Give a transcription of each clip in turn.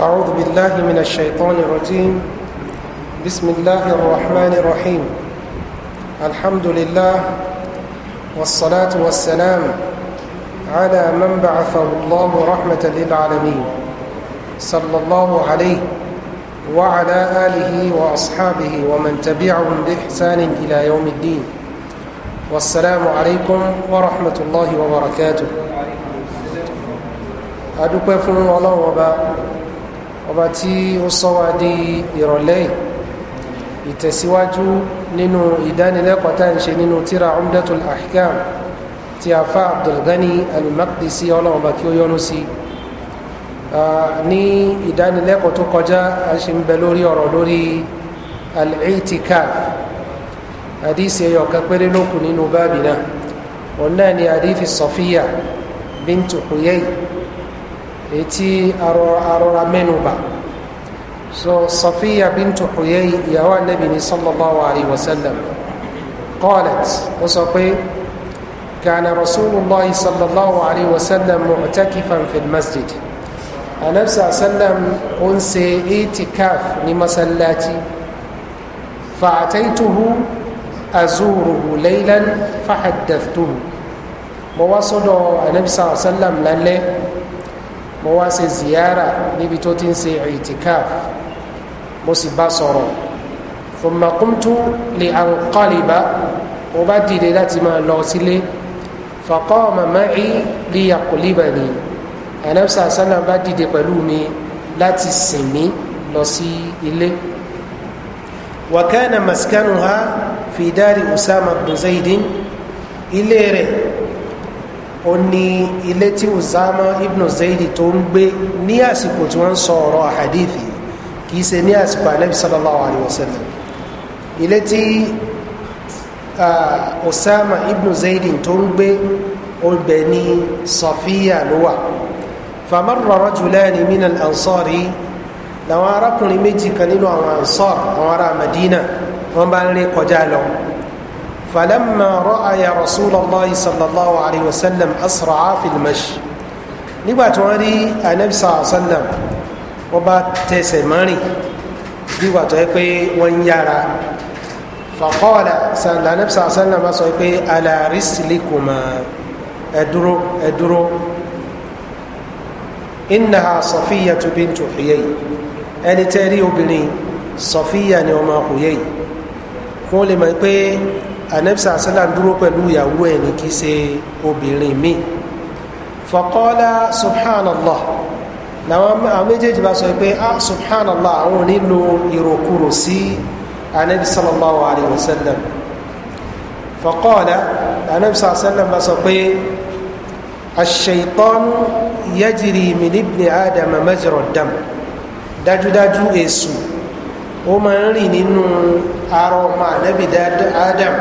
أعوذ بالله من الشيطان الرجيم بسم الله الرحمن الرحيم الحمد لله والصلاة والسلام على من بعثه الله رحمة للعالمين صلى الله عليه وعلى آله وأصحابه ومن تبعهم بإحسان إلى يوم الدين والسلام عليكم ورحمة الله وبركاته أدوكم الله وبركاته ọba tí ó sọ wá di ìrọ̀lẹ́ yìí ìtẹ̀síwájú nínú ìdánilẹ́kọ̀ọ́ tá ń ṣe nínú tíra umdatul ahkam ti afa abdulgani al-maqdisi ọlọ́run ọba kí ó yọ́nú sí ní ìdánilẹ́kọ̀ọ́ tó kọjá a ṣe ń bẹ lórí ọ̀rọ̀ lórí al-itikaf hadisi ẹyọ kan péré lókun nínú báàbì náà òun ni hadisi sọfíà bíntu ètí arọra mẹ́nuba so safiya bintu huyay ìyàwó anabi ni sallallahu alayhi wa sallam qalat ó sọ pé كان رسول الله صلى الله عليه وسلم معتكفا في المسجد النبي صلى الله عليه وسلم أنسي اعتكاف لمسلاتي فأتيته أزوره ليلا فحدثته mo wá sọ́dọ̀ anabi sallam lálẹ́ mo wá ṣe ziyara níbi tó ti ń ṣe itikaf mo sì bá sọ̀rọ̀ thumma qumtu li anqaliba mo bá dìde láti máa lọ sílé faqama ma'i liyaqlibani anabisa sallam bá dìde pẹ̀lú mi láti sìn lọ sí ilé wa kana maskanuha fi usama bin zaidin ilé rẹ̀ ó ní ilé tí uzama ibn zaidi tó ń gbé ní àsìkò tí wọ́n ń sọ ọ̀rọ̀ àhàdíìfì kì í ṣe ní àsìkò anabi sallallahu alayhi wa sallam ilé tí usama ibn zaidi tó ń gbé ó bẹ̀ ní safiya ló wà famarra rajulani min al làwọn arákùnrin méjì kan nínú àwọn ansar àwọn ará madina wọ́n bá ń lé kọjá lọ. فلما رأى رسول الله صلى الله عليه وسلم أسرع في المشي نبا تواري النبي صلى الله عليه وسلم وبا تسماني نبا تواري ونيارا فقال صلى النبي صلى الله عليه وسلم أصحابه على رسلكما أدرو أدرو إنها صفية بنت حيي أن تاري بني صفية يوم حيي قول ما يقول anabisa asalam dúró pẹ̀lú ìyàwó ẹ̀ ní kí ṣe obìnrin mi fọkọ́lá subhanallah làwọn àwọn méjèèjì bá sọ pé ah subhanallah àwọn ò ní lo ìrokúrò sí anabi sallallahu alayhi wa sallam fọkọ́lá anabisa asalam bá sọ pé aṣèitán yajiri mi níbi ni adam mẹjọrọ dam dájúdájú èsù. ó máa ń rìn nínú ara ọmọ adam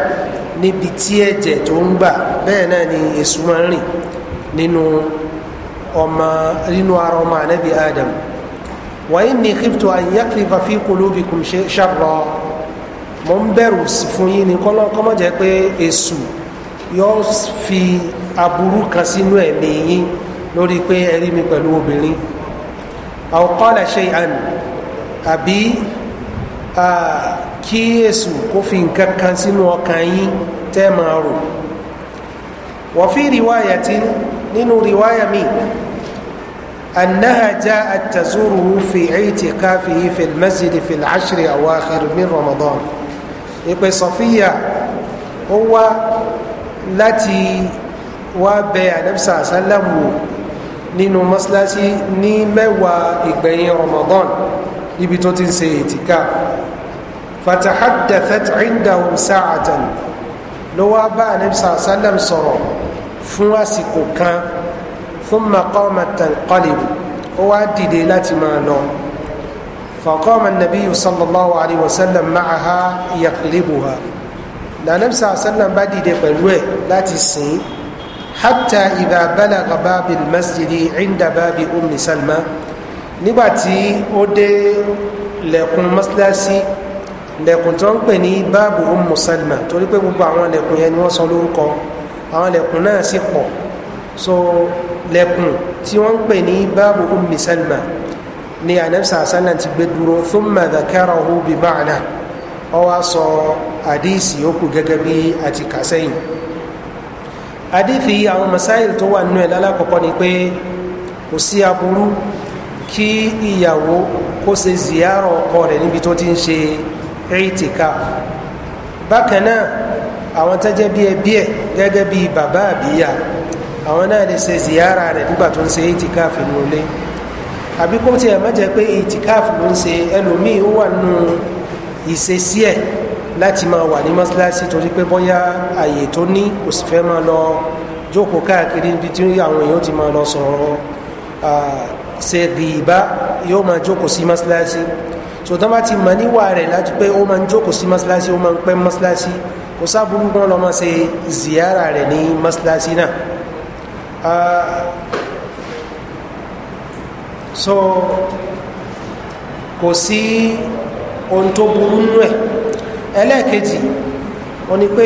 níbi tí ẹ̀jẹ̀ tó ń gbà náà ni èso máa ń rìn nínú ọmọ nínú ọmọ adam wàá ní kíptò àyíyákìlífà fi kulubikum sharra mo ń bẹ̀rù sí fún yín ni kọ́lọ́ kọ́mọ́ jẹ́ pé èso yóò fi aburú kan sínú ẹ̀mí yín lórí pé ẹ mi pẹ̀lú obìnrin àbí kí èsù kó fi nǹkan kan sínú ọkàn yín tẹ́ máa rò wọ́n fi rìwáyà tí nínú rìwáyà mi أنها جاءت تزوره في اعتكافه في المسجد في العشر أواخر من رمضان ìpè sọfíyà ó wá láti wá bẹ àdẹ́bísà sálàmù nínú mọ́sálásí ní mẹ́wàá ìgbẹ̀yìn ramadan ibi tó ti ń ṣe ètìká fatahaddathat indahum sa'atan ló wá bá anabi sàlám sọ̀rọ̀ fún àsìkò kan fún maqama tanqalib ó wá dìde láti máa lọ faqama nabi sallallahu alayhi wa sallam ma'aha yaqlibuha lànàbi sàlám bá dìde pẹ̀lú ẹ̀ láti sìn hatta idha balagha babil masjidi inda babi ummi salma nígbàtí ó dé lẹ̀kùn mọ́síláṣí lẹ̀kùn tó ń pè ní báàbù Ummu Salma torí pé gbogbo àwọn lẹ̀kùn yẹn ni wọ́n sọ lórúkọ àwọn lẹ̀kùn náà sì pọ̀ so lẹ̀kùn tí wọ́n ń pè ní báàbù Ummu Salma ni anabisa asalan ti gbé dúró thumma dhakarahu bi ma'na ó wá sọ àdíìsì yòókù gẹ́gẹ́ bí àti kàsẹ́yìn àdíìsì àwọn masáyìl tó wà nínú ẹ̀ lálàkọ̀kọ́ ni pé kò sí aburú kí ìyàwó kó ṣe ziyara ọkọ rẹ̀ níbi tó ti ń ṣe itikaf bákan náà àwọn tẹ́jẹ́ bí ẹbí ẹ̀ gẹ́gẹ́ bí bàbá àbíyá àwọn náà lè ṣe ziyara rẹ̀ nígbà tó ń ṣe itikaf nínú ilé àbí kó tiẹ̀ má jẹ́ pé itikaf ló ń ṣe ẹlòmíì ó wà nù ìṣesí ẹ̀ láti máa wà ní mọ́sálásí torí pé bóyá àyè tó ní kò sì fẹ́ máa lọ jókòó káàkiri níbi tí àwọn èèyàn ti máa lọ sọ̀rọ̀ ṣe rìbá yóò máa jókòó sí mọ́ṣáláṣí so tó bá ti mọ̀ níwà rẹ̀ láti pé ó máa ń jókòó sí mọ́ṣáláṣí ó máa ń pẹ́ mọ́ṣáláṣí kò sábúrú wọn lọ́ máa se ziyara rẹ̀ ní mọ́ṣáláṣí náà ah, so kò sí ohun tó burú nú ẹ̀ ẹlẹ́ẹ̀kejì ó ní pé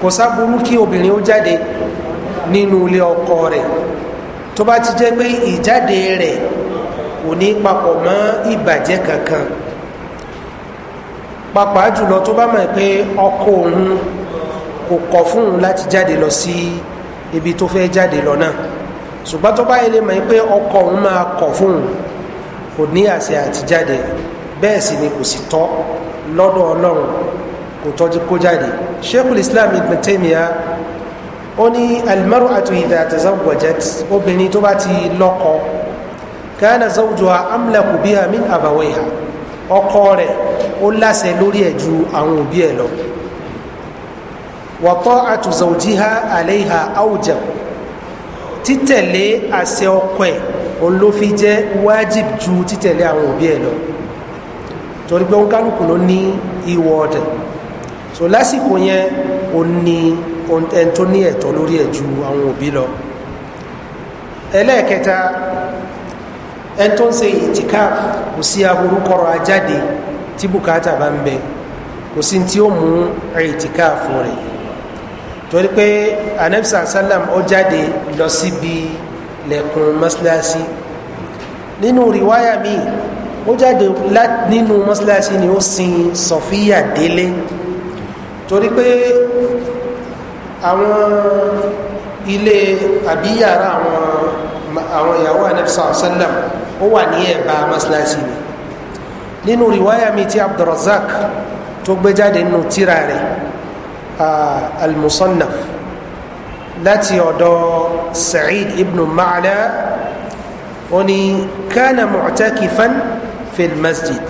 kò sábúrú kí obìnrin ó jáde nínú ilé ọkọ rẹ̀ tó bá ti jẹ́ pé ìjáde rẹ̀ kò ní papọ̀ mọ́ ìbàjẹ́ kankan pàápàá jùlọ tó bá mọ̀ pé ọkọ òun kò kọ̀ fún òun láti jáde lọ sí ibi tó fẹ́ jáde lọ náà ṣùgbọ́n tó bá yẹ lè mọ̀ pé ọkọ òun máa kọ̀ fún òun kò ní àṣẹ àtijáde bẹ́ẹ̀ sì ni kò sì tọ́ lọ́dọ̀ ọlọ́run kò tọ́jú kó jáde sheikh islam ibn taymiyyah ó ní almaru àti ìdá àtẹ̀záwọ̀jẹ́t obìnrin tó bá ti lọ́kọ kánà záwùjọ amlẹ̀kù bí àmì àbàwẹ̀ ìhà ọkọ rẹ̀ ó láṣẹ lórí ẹ̀ ju àwọn òbí ẹ̀ lọ wọ́tọ́ àtùzọ̀jì ha àlẹ́ ìhà àwùjẹ̀ títẹ̀lé àṣẹ ọkọ ẹ̀ olófi jẹ́ wájib ju títẹ̀lé àwọn òbí ẹ̀ lọ torí pé ó kálukú ló ní ìwọ ọ̀dẹ̀ so lásìkò yẹn ó ní ẹni tó ní ẹ̀tọ́ lórí ẹ̀ ju àwọn òbí lọ ẹlẹ́ẹ̀kẹta ẹni tó ń ṣe ìtìkáf kò sí aburú kọrọ ajáde tí bùkátà bá ń bẹ kò sí tí ó mú ìtìkáf rẹ̀ torí pé anabisa salam ó jáde lọ síbi lẹ́kùn mọ́sálásí nínú rìwáyà míì ó jáde nínú mọ́sálásí ni ó sin sọfíà délé torí pé àwọn ilé àbí yàrá àwọn àwọn ìyàwó anabisa sallam ó wà ní ẹ̀bá masilasi ni nínú riwaya mi ti abdulrasaq tó gbé jáde nínú tíra rẹ̀ almusannaf láti ọ̀dọ̀ sa'id ibn ma'ala ó ní kánà mu'takifan fil masjid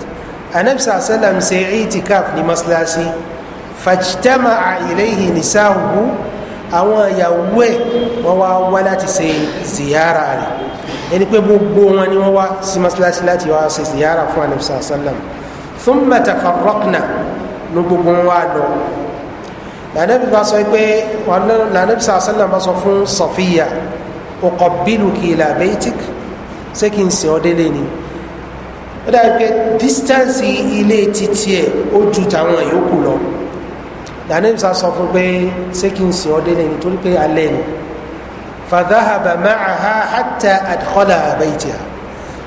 anabisa sallam ṣe itikaf ní masilasi fàjítẹ́mà àìlẹ́yìn nìsáhùhù àwọn ìyàwó ẹ̀ wọ́n wá wá láti ṣe ziyara rẹ̀ ẹni pé gbogbo wọn ni wọ́n wá sí masalasi láti wá ṣe ziyara fún anabisa sallam fún mẹtafàrọ́kìnà ní gbogbo wọn wá lọ lànàbí bá sọ pé lànàbisa sallam bá sọ fún sọfíya ọkọ̀ bílù kìlà bẹ́tík ṣé kí n sìn ọ́ délé ni ó dàbí pé distance ilé títí ẹ̀ ó ju tàwọn yòókù lọ dànẹ́bí sá sọ fún pé ṣé kí n sìn ọ́ délé ni torí pé alẹ́ ni fàdáhàbà máa ha hàtà àdìkọ́là àbẹ̀yìtìyà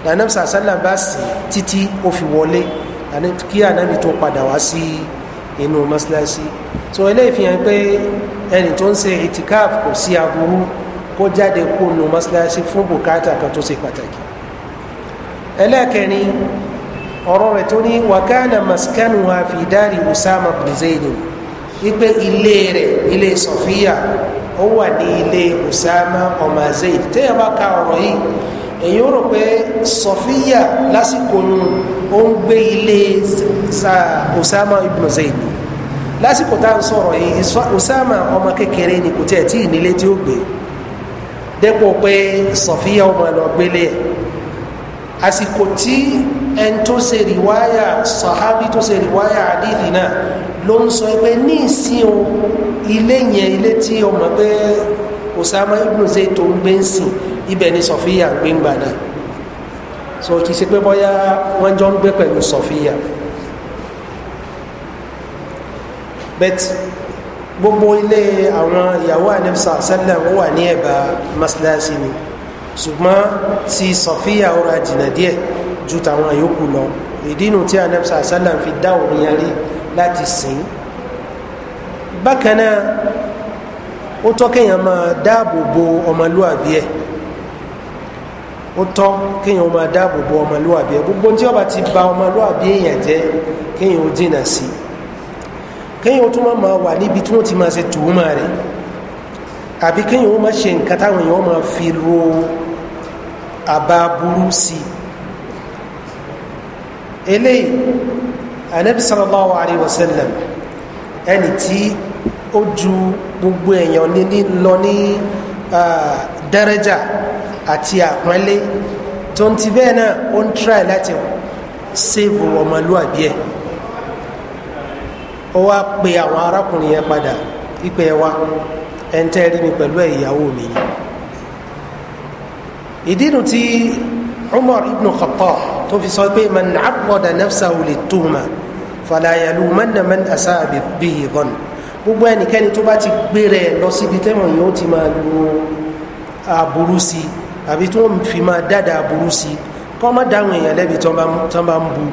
dànẹ́bí sá sálà bá sìn títí ó fi wọlé kí ànábì tó padà wá sí inú mọ́ṣáláṣí so eléyìí fi hàn pé ẹni tó ń ṣe itikaf kò sí aburú kó jáde kó nu mọ́ṣáláṣí fún bùkátà kan tó ṣe pàtàkì ẹlẹ́ẹ̀kẹrin ọ̀rọ̀ rẹ̀ tó ní wàkánà maskanu wa fi dárí usama bin zaydin wípé ilé rẹ̀ ilé sọ̀fíà ó wà ní ilé usama ọmọ zayd téèyàn bá ka ọ̀rọ̀ yìí èyí ó rò pé sọ̀fíà lásìkò yun ó ń gbé ilé usama ibn zayd lásìkò tá à ń sọ̀rọ̀ yìí usama ọmọ kékeré ni kò tiẹ̀ tí ì nílé tí ó gbé dépò pé sọ̀fíà ọmọ lọ gbélé ẹ̀ àsìkò tí ẹni tó ṣe rìwáyà sọ̀hábí tó ṣe rìwáyà àdìdì náà ló ń sọ pé ní ìsìn o ilé yẹn ilé tí o mọ̀ pé Osama ibn Zayd tó ń gbé ń sìn ibẹ̀ ni Sọfíà gbé ń gbà so kì í ṣe pé bóyá wọ́n jọ ń gbé pẹ̀lú Sọfíà bet gbogbo ilé àwọn ìyàwó àníbísà sẹ́lẹ̀ ó wà ní ẹ̀bà mọ́sálásí ni ṣùgbọ́n ti Sọfíà ọ̀rọ̀ àjìnà díẹ̀ ju tàwọn yòókù lọ ìdí inú tí àníbísà sẹ́lẹ̀ fi dá òun yarí láti sìn bákan náà ó tọ́ kéèyàn máa dáàbò bo ọmọlúwàbí ẹ̀ ó tọ́ kéèyàn máa dáàbò bo ọmọlúwàbí ẹ̀ gbogbo tí ọba ti ba ọmọlúwàbí èèyàn jẹ́ kéèyàn ó dènà sí i kéèyàn ó tún máa máa wà níbi tí wọ́n ti máa ṣe tùúmọ̀ rẹ̀ àbí kéèyàn ó máa ṣe nǹkan táwọn èèyàn máa fi ro àbá burú sí i eléyìí anabi sallallahu alayhi wa sallam ẹni tí ó ju gbogbo èèyàn níní lọ ní dẹ́rẹ́jà àti àpọ́nlé tó ń ti bẹ́ẹ̀ náà ó ń tíráì láti sèvù ọmọlúwàbí ẹ̀ ó wá pe àwọn arákùnrin yẹn padà ipe ẹ ẹ̀ ń tẹ́ rí mi pẹ̀lú ẹ̀ mi ìdí nu ti umar ibn khattab tó fi sọ pé man abọ́dà nafsahu lè tuhuma fàlàyàlú mọ́nà mọ́n àṣà àbíyí gan gbogbo ẹnikẹ́ni tó bá ti gbé rẹ̀ lọ síbi tẹ́wọ̀n yóò ti máa lu aburú sí àbí tó fi máa dáadáa aburú sí kọ́ má dáhùn èèyàn lẹ́bi tó bá ń bu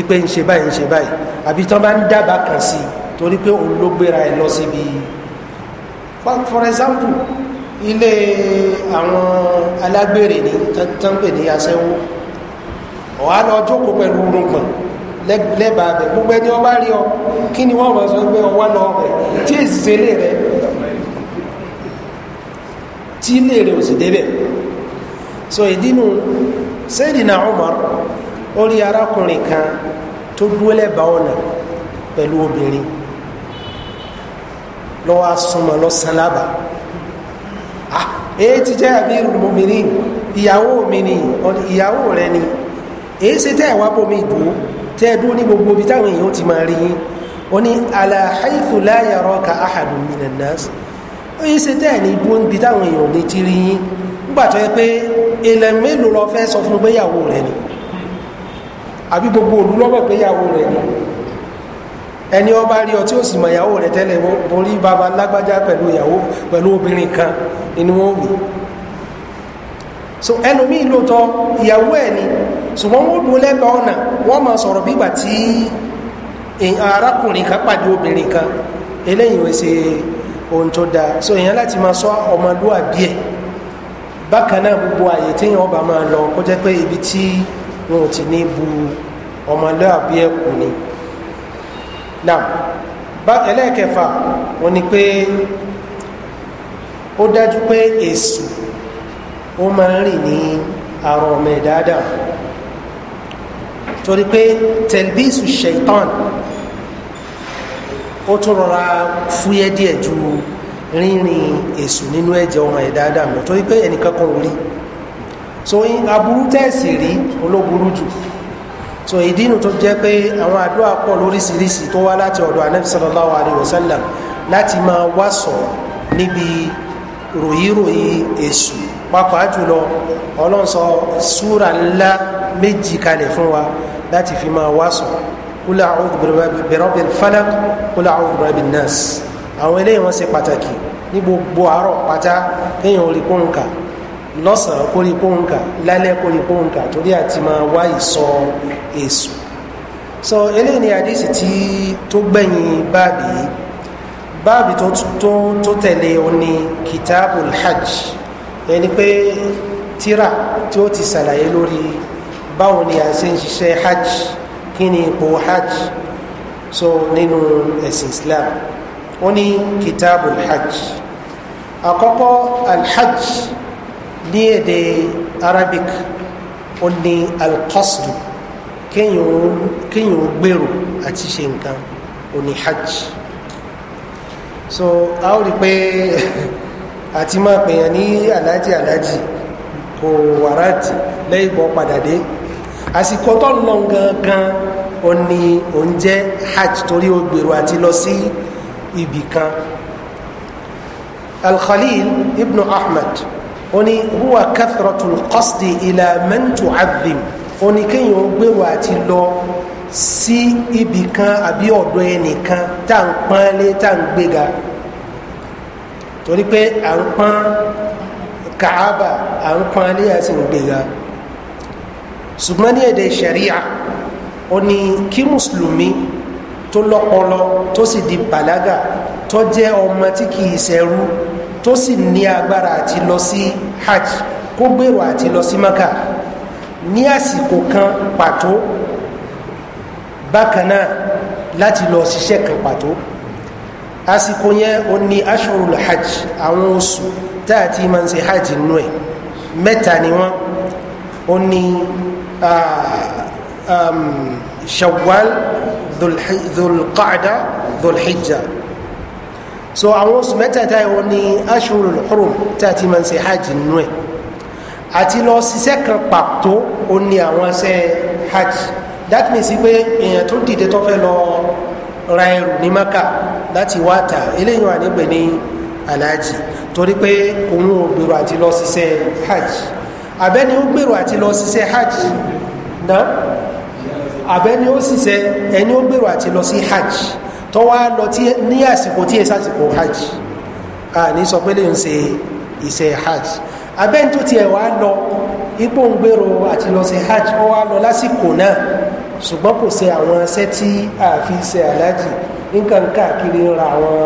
ipe ń ṣe báyìí ń ṣe báyìí àbí tán bá ń dábàá kan sí torí pé òun ló gbéra ẹ lọ síbi for example ilé àwọn alágbèrè ní tánpè ní asẹ́wó ọ̀há lọ jókòó pẹ̀lú rògbọ̀n lẹ́bàá bẹ̀ gbogbo ẹni ọba rí ọ kí ni wọ́n mọ̀ sọ pé ọwá lọ rẹ̀ tí èsì sẹ́lẹ̀ rẹ̀ tí ilé rẹ̀ ò sì débẹ̀ so ìdínú sẹ́dínà Umar ó rí arákùnrin kan tó dúró lẹ́bàá ọ̀nà pẹ̀lú obìnrin lọ́wọ́ asúnmọ́ lọ́sàn lábàá èyí ti jẹ́ àmírùl mùmínìn ìyàwó mi ni ìyàwó rẹ ni èyí ṣe tẹ́ ẹ̀wá bomi dùn tẹ́ ẹ dúró ní gbogbo ibi táwọn èèyàn ti máa rí yín ó ní ala haythu la yaraka ahadun minan nas èyí ṣe tẹ́ ẹ̀ ní dúró níbi táwọn èèyàn ní ti rí yín nígbà tó yẹ pé ilẹ̀ mélòó lọ fẹ́ sọ fún gbéyàwó rẹ ni àbí gbogbo òlú lọ́wọ́ gbéyàwó rẹ ni ẹni ọba rí ọ tí ó sì mọ ìyàwó rẹ tẹ́lẹ̀ borí baba lágbájá pẹ̀lú ìyàwó pẹ̀lú obìnrin kan inú wọn wì so ẹlòmíì lóòótọ́ ìyàwó ẹ̀ ni ṣùgbọ́n wọ́n dúró lẹ́gbàá ọ̀nà wọ́n máa sọ̀rọ̀ bígbà tí arákùnrin kan pàdé obìnrin kan eléyìí wọ́n ṣe ohun tó dáa so èèyàn láti máa sọ ọmọlúwàbí ẹ̀ bákan náà gbogbo àyè téèyàn ọba máa lọ kó jẹ́ pé ibi tí wọn ò ti ní bu ọmọlúwàbí ẹ̀ kù ni náà bá ẹlẹ́ẹ̀kẹfà wọn ni pé ó dájú pé èsù ó máa ń rìn ní àrùn ọmọ ẹ̀dá dáa torí pé tẹ̀lbísù ṣẹ̀tàn ó tún rọra fúyẹ́ díẹ̀ ju rínrin èsù nínú ẹ̀jẹ̀ ọmọ ẹ̀dá dáa lọ torí pé ẹnìkan kan ò rí so aburú tẹ̀sí rí olóburú jù. So, so ìdínú tó jẹ́ pé àwọn àdúrà pọ̀ lóríṣiríṣi tó wá láti ọ̀dọ̀ anabi sallallahu alayhi wa sallam láti máa wá sọ níbi ròyìnròyìn èṣù pàápàá jùlọ ọlọ́nsọ súra ńlá méjì kalẹ̀ fún wa láti fi máa wá sọ kúlẹ̀ àwọn bẹ̀rọ̀bẹ̀ falak kúlẹ̀ àwọn bẹ̀rọ̀bẹ̀ nurse àwọn eléyìí wọ́n ṣe pàtàkì ní gbogbo àárọ̀ pátá kéèyàn orí kó ń lọ́sàn-án kórìí pòun kà lálẹ́ kórìí pòun torí àti máa wá ìsọ èsù so eléyìí ni àdísì tí tó gbẹ̀yìn báàbì yìí báàbì tó tó tó tẹ̀lé o ní kitabul hajj ẹni pé tíra tí ó ti ṣàlàyé lórí báwo ni a ṣe ń ṣiṣẹ́ hajj kí ni ipò hajj so nínú ẹ̀sìn islam ó ní kitabul hajj àkọ́kọ́ alhajj ní èdè arabic ó ní alqasdu kéèyàn ó gbèrò àti ṣe nǹkan ó ní hajj so a ó rí i pé àti máa pèèyàn ní aláàjì aláàjì kò wàràtì lẹ́yìn bọ́ padà dé àsìkò tó lọ gangan ó ní òun hajj torí ó gbèrò àti lọ sí ibì kan alkhalil ibn ahmed oni huwa kathratul qasdi ila man tu'adhim oni kéèyàn ó gbèrò àti lọ sí ibì kan àbí ọ̀dọ̀ ẹnìkan tá à ń pọ́nlé tá à ń gbéga torí pé à ń pọ́n kàába à ṣùgbọ́n ní èdè sẹ̀ríà ó ní kí mùsùlùmí tó lọ́pọlọ tó di bàlágà tó jẹ́ ọmọ tí kì í tó sì ní agbára àti lọ sí hajj kó gbèrò àti lọ sí maka ní àsìkò kan pàtó bákan náà láti lọ ṣiṣẹ́ kan pàtó àsìkò yẹn ó ní aṣọ́rùlù hajj àwọn oṣù tá a máa ń ṣe hajj nínú ẹ̀ mẹ́ta ni wọ́n ó ní um, shawwal dhulqaada dhulhijja so àwọn oṣù mẹ́tẹ̀ẹ̀ta ìwọ̀n ni ashurul hurum tí a ti máa ń ṣe hajj nínú ẹ̀ àti lọ ṣiṣẹ́ kan pàtó ó ní àwọn ṣe hajj that means pé èèyàn tó dìde tó fẹ́ lọ ra ẹrù ní maka láti wá ta eléyìí wà nígbè ní alhaji torí pé òun ò gbèrò àti lọ ṣiṣẹ́ hajj abẹ́ni ó gbèrò àti lọ ṣiṣẹ́ hajj náà abẹ́ni ó ṣiṣẹ́ ẹni ó gbèrò àti lọ sí hajj tó wá lọ ní àsìkò tí èsì àsìkò hajj a ní sọ pé lè ń ṣe iṣẹ́ hajj abẹ́ni tó tiẹ̀ wá lọ ipò ń gbèrò àti lọ ṣe hajj ó wá lọ lásìkò náà ṣùgbọ́n kò ṣe àwọn iṣẹ́ tí a fi ṣe aláàjì nǹkan káàkiri ń ra àwọn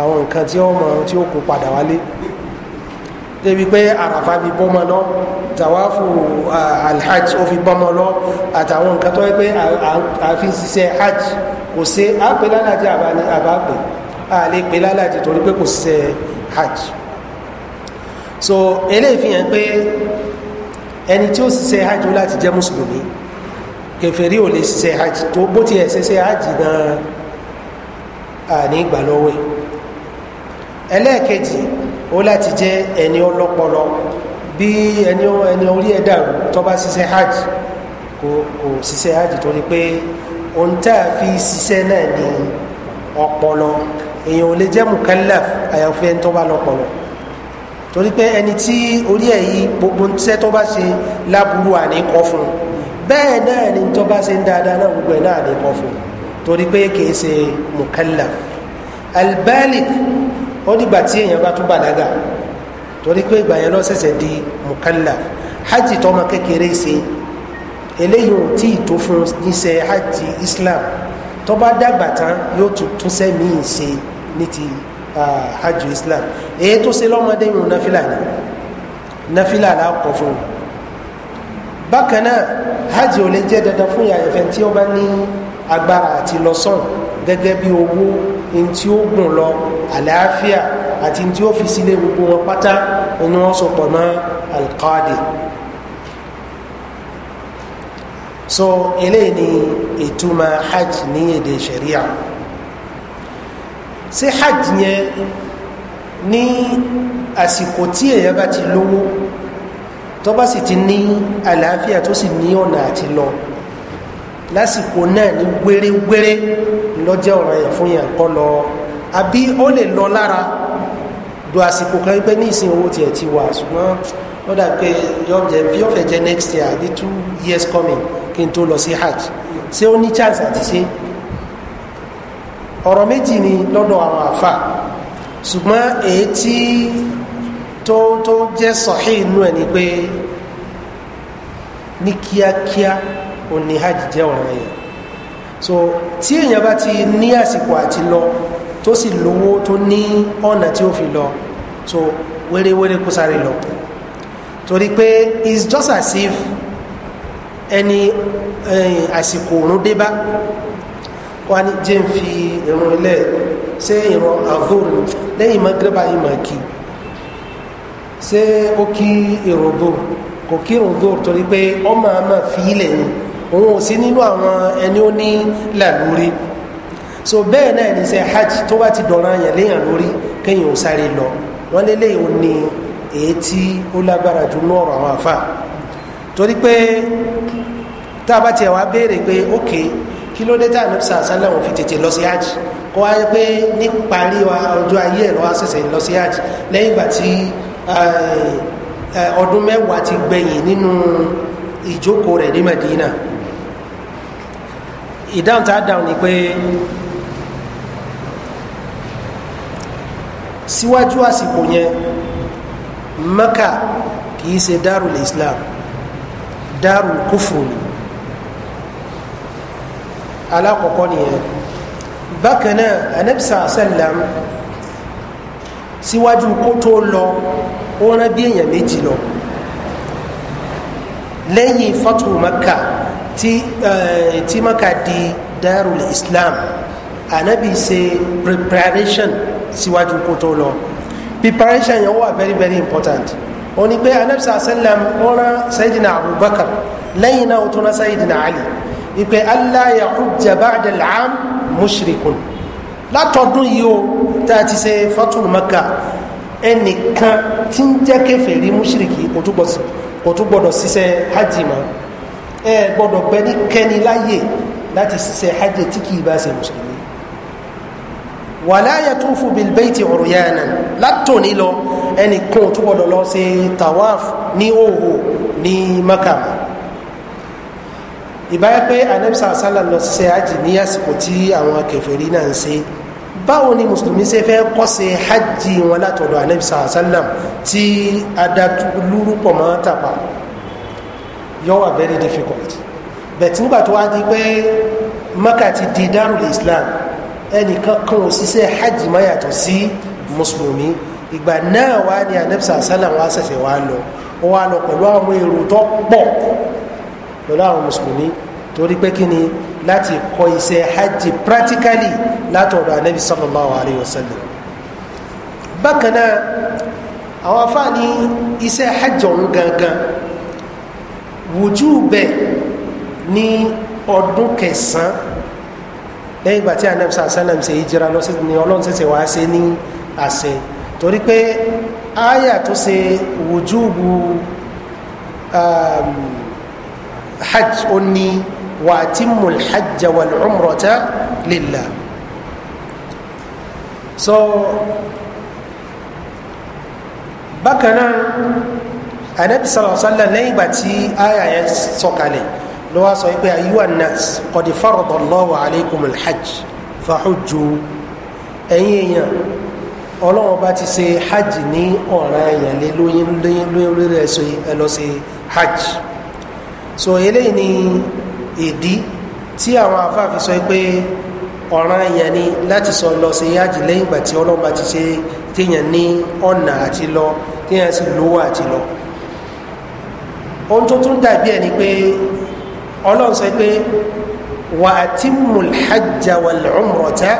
àwọn nǹkan tí ó mọ tí ó kó padà wálé débi pé àràfà fi bọ́mọ lọ tàwáfù alhajj ó fi bọ́mọ lọ àtàwọn nǹkan tó yẹ pé a fi ṣiṣẹ́ hajj kò sí àpè lálàjì àbápè àlè pè lálàjì torí pé kò sẹ hajj so eléyìí fi hàn pé ẹni tí ó ṣiṣẹ hajj láti jẹ mùsùlùmí kẹfẹrí ò lè ṣiṣẹ hajj tó bó tiẹ̀ ṣiṣẹ hajj gan-an àní ìgbàlọ́wọ́ yìí ẹlẹ́ẹ̀kejì ó láti jẹ́ ẹni ọlọ́pọlọ bí ẹni orí ẹ̀dà tó bá ṣiṣẹ́ hajj kò ṣiṣẹ́ hajj torí pé ohun tá a fi ṣiṣẹ́ náà ní ọpọlọ èèyàn ò lè jẹ́ mukallaf àyànfẹ́ ẹni tó bá lọ́pọlọ torí pé ẹni tí orí ẹ̀ yí gbogbo iṣẹ́ tó bá ṣe láburú àníkọ́ fún bẹ́ẹ̀ náà ni tó bá ṣe ń dáadáa náà gbogbo ẹ̀ náà àníkọ́ fún torí pé kìí ṣe mukallaf albalik ó dìgbà tí èèyàn bá tún bàlágà torí pé ìgbà yẹn lọ di mukallaf hajj tọmọ kékeré ṣe eléyìí ò tí ì tó fún níṣẹ́ hajj islam tó bá dàgbà tán yóò tún túnṣẹ́ míì ṣe ní ti hajj islam èyí tó ṣe lọ́mọdé yìí náfìlà ni náfìlà là kọ̀ fún un bákan náà hajj ò lè jẹ́ dandan fún ìyá ẹ̀fẹ̀ tí ó bá ní agbára àti lọ́sàn gẹ́gẹ́ bí owó ní tí ó gùn lọ àlàáfíà àti ní tí ó fi sílé gbogbo wọn pátá ni wọ́n sọ pọ̀ mọ́ alqaadi so eléyìí ni ìtumọ̀ hajj ní èdè sharia ṣé hajj yẹn ní àsìkò tí èèyàn bá ti lówó tó bá sì ti ní àlàáfíà tó sì ní ọ̀nà àti lọ lásìkò náà ní wérewére lọ́jọ́ ọ̀ràn yẹn fún yẹn kọ́ lọ àbí ó lè lọ lára do àsìkò kan pé ní ìsìn owó tiẹ̀ ti wà ṣùgbọ́n ó dà pé yóò fẹ́ jẹ́ next year the two years coming kí n tó lọ sí hajj ṣé ó ní chance àti ṣe ọ̀rọ̀ méjì ni lọ́dọ̀ àwọn àfà ṣùgbọ́n èyí tí tó tó jẹ́ sọ̀hí inú ẹ̀ ni pé ní kíákíá ò ní hajj jẹ́ ọ̀ràn yẹn so tí èèyàn bá ti ní àsìkò àti lọ tó sì lówó tó ní ọ̀nà tí ó fi lọ so wérewére kó sáré lọ torí pé it's just as if ẹni àsìkò òrùn dé bá wọ́n á ní jẹ́ ń fi irun ilẹ̀ ṣé irun àvóòrùn lẹ́yìn mọ́gírẹ́bà yìí máa kí ṣé ó kí irun dóòrùn kò kí irun dóòrùn torí pé ọmọ àmà fi ilẹ̀ ni òun ò sí nínú àwọn ẹni ó ní làlórí so bẹ́ẹ̀ náà ní sẹ́ hajj tó bá ti dọ̀ràn yẹn léèyàn lórí kéèyàn ò sáré lọ wọ́n lélẹ́yìn ò ní èyí tí ó lágbára jù lọ́rọ̀ àwọn àfa torí pé tá a bá tiẹ̀ wá béèrè pé ókè kí ló dé tá a nípa sàlẹ̀ òun fi tètè lọ sí hajj kó wá pé ní parí ọjọ́ ayé ẹ̀rọ àṣẹṣẹ lọ sí hajj lẹ́yìn ìgbà tí ọdún mẹ́wàá ti gbẹ̀yìn nínú ìjókòó rẹ̀ ní medina ìdáhùn tá a dáhùn ni pé. síwájú àsìkò yẹn maka kìí ṣe darul islam darul kufru ni alákọ̀ọ́kọ́ nìyẹn bákan náà anabisa sallam síwájú kó tó lọ ó rán bí èèyàn méjì lọ lẹ́yìn fatu maka tí eh, tí maka di darul islam anabi ṣe preparation síwájú kó tó lọ preparation yẹn wà very very important ó ní pé anabisa sallam ó rán sayidina abubakar lẹ́yìn náà ó tún rán sayidina ali ìpè aláya hujja ba'da al-am mushrikun látọdún yìí o tá a ti ṣe fatul maka ẹnìkan tí ń jẹ́ kèfèrí mushriki kò tún gbọdọ̀ ṣiṣẹ́ hajj mọ́ ẹ gbọdọ̀ gbẹ ní kẹ́ni láyè láti ṣiṣẹ́ hajj tí kì í bá ṣe mushriki wàlá yatufu bil bayti uryanan látòní lọ ẹnì kan tó gbọdọ̀ lọ ṣe tawaf ní òhò ní makama ìbáyé pé anamsa asala lọ ṣe hajj ní àsìkò tí àwọn kèfèrí náà ń ṣe báwo ni mùsùlùmí ṣe fẹ́ kọ́ṣe hajj wọn látọ̀dọ̀ anamsa asala tí adalúrúpọ̀ máa tàpá yóò wà very difficult bẹ̀tí nígbà tó wá di pé maka ti di darul islam ẹnìkan kan ò ṣiṣẹ́ hajj má yàtọ̀ sí mùsùlùmí ìgbà náà wá ní anabisa salam wá ṣẹ̀ṣẹ̀ wá lọ ó wá lọ pẹ̀lú àwọn èrò tó pọ̀ pẹ̀lú àwọn mùsùlùmí torí pé kí ni láti kọ́ iṣẹ́ hajj practically látọ̀dọ̀ anabi sallallahu alayhi wa sallam bákan náà àwọn afáàní iṣẹ́ hajj ọ̀hún gangan wùjú bẹ́ẹ̀ ní ọdún kẹsàn-án lẹ́yìn ìgbà tí anabi sàlám ṣe ìjìra lọ ni ọlọ́run ṣẹ̀ṣẹ̀ wá ṣe ní àṣẹ torí pé àyà tó ṣe wùjúbù um, hajj ó wà á ti hajj wal umrata lillah so bákan náà anabi sàlám ṣàlám lẹ́yìn ìgbà tí àyà yẹn sọ̀kalẹ̀. So, ló wá sọ pé ayúwa nas qad faradallahu alaykum alhajj fahujju ẹ̀yin èèyàn ọlọ́run bá ti ṣe hajj ní ọ̀ràn èèyàn lé lóyún lóyún lórí ẹ̀sọ́ ẹ lọ ṣe hajj so eléyìí ni ìdí tí àwọn afáàfin sọ pé ọ̀ràn èèyàn ni láti sọ lọ ṣe hajj lẹ́yìn ìgbà tí ọlọ́run bá ti ṣe téèyàn ní ọ̀nà àti lọ téèyàn sì lówó àti lọ ohun tó tún dàbí ẹ ni pé ọlọ́run sọ pé wà á ti mùlhájà wà lọ́mùrọ̀tà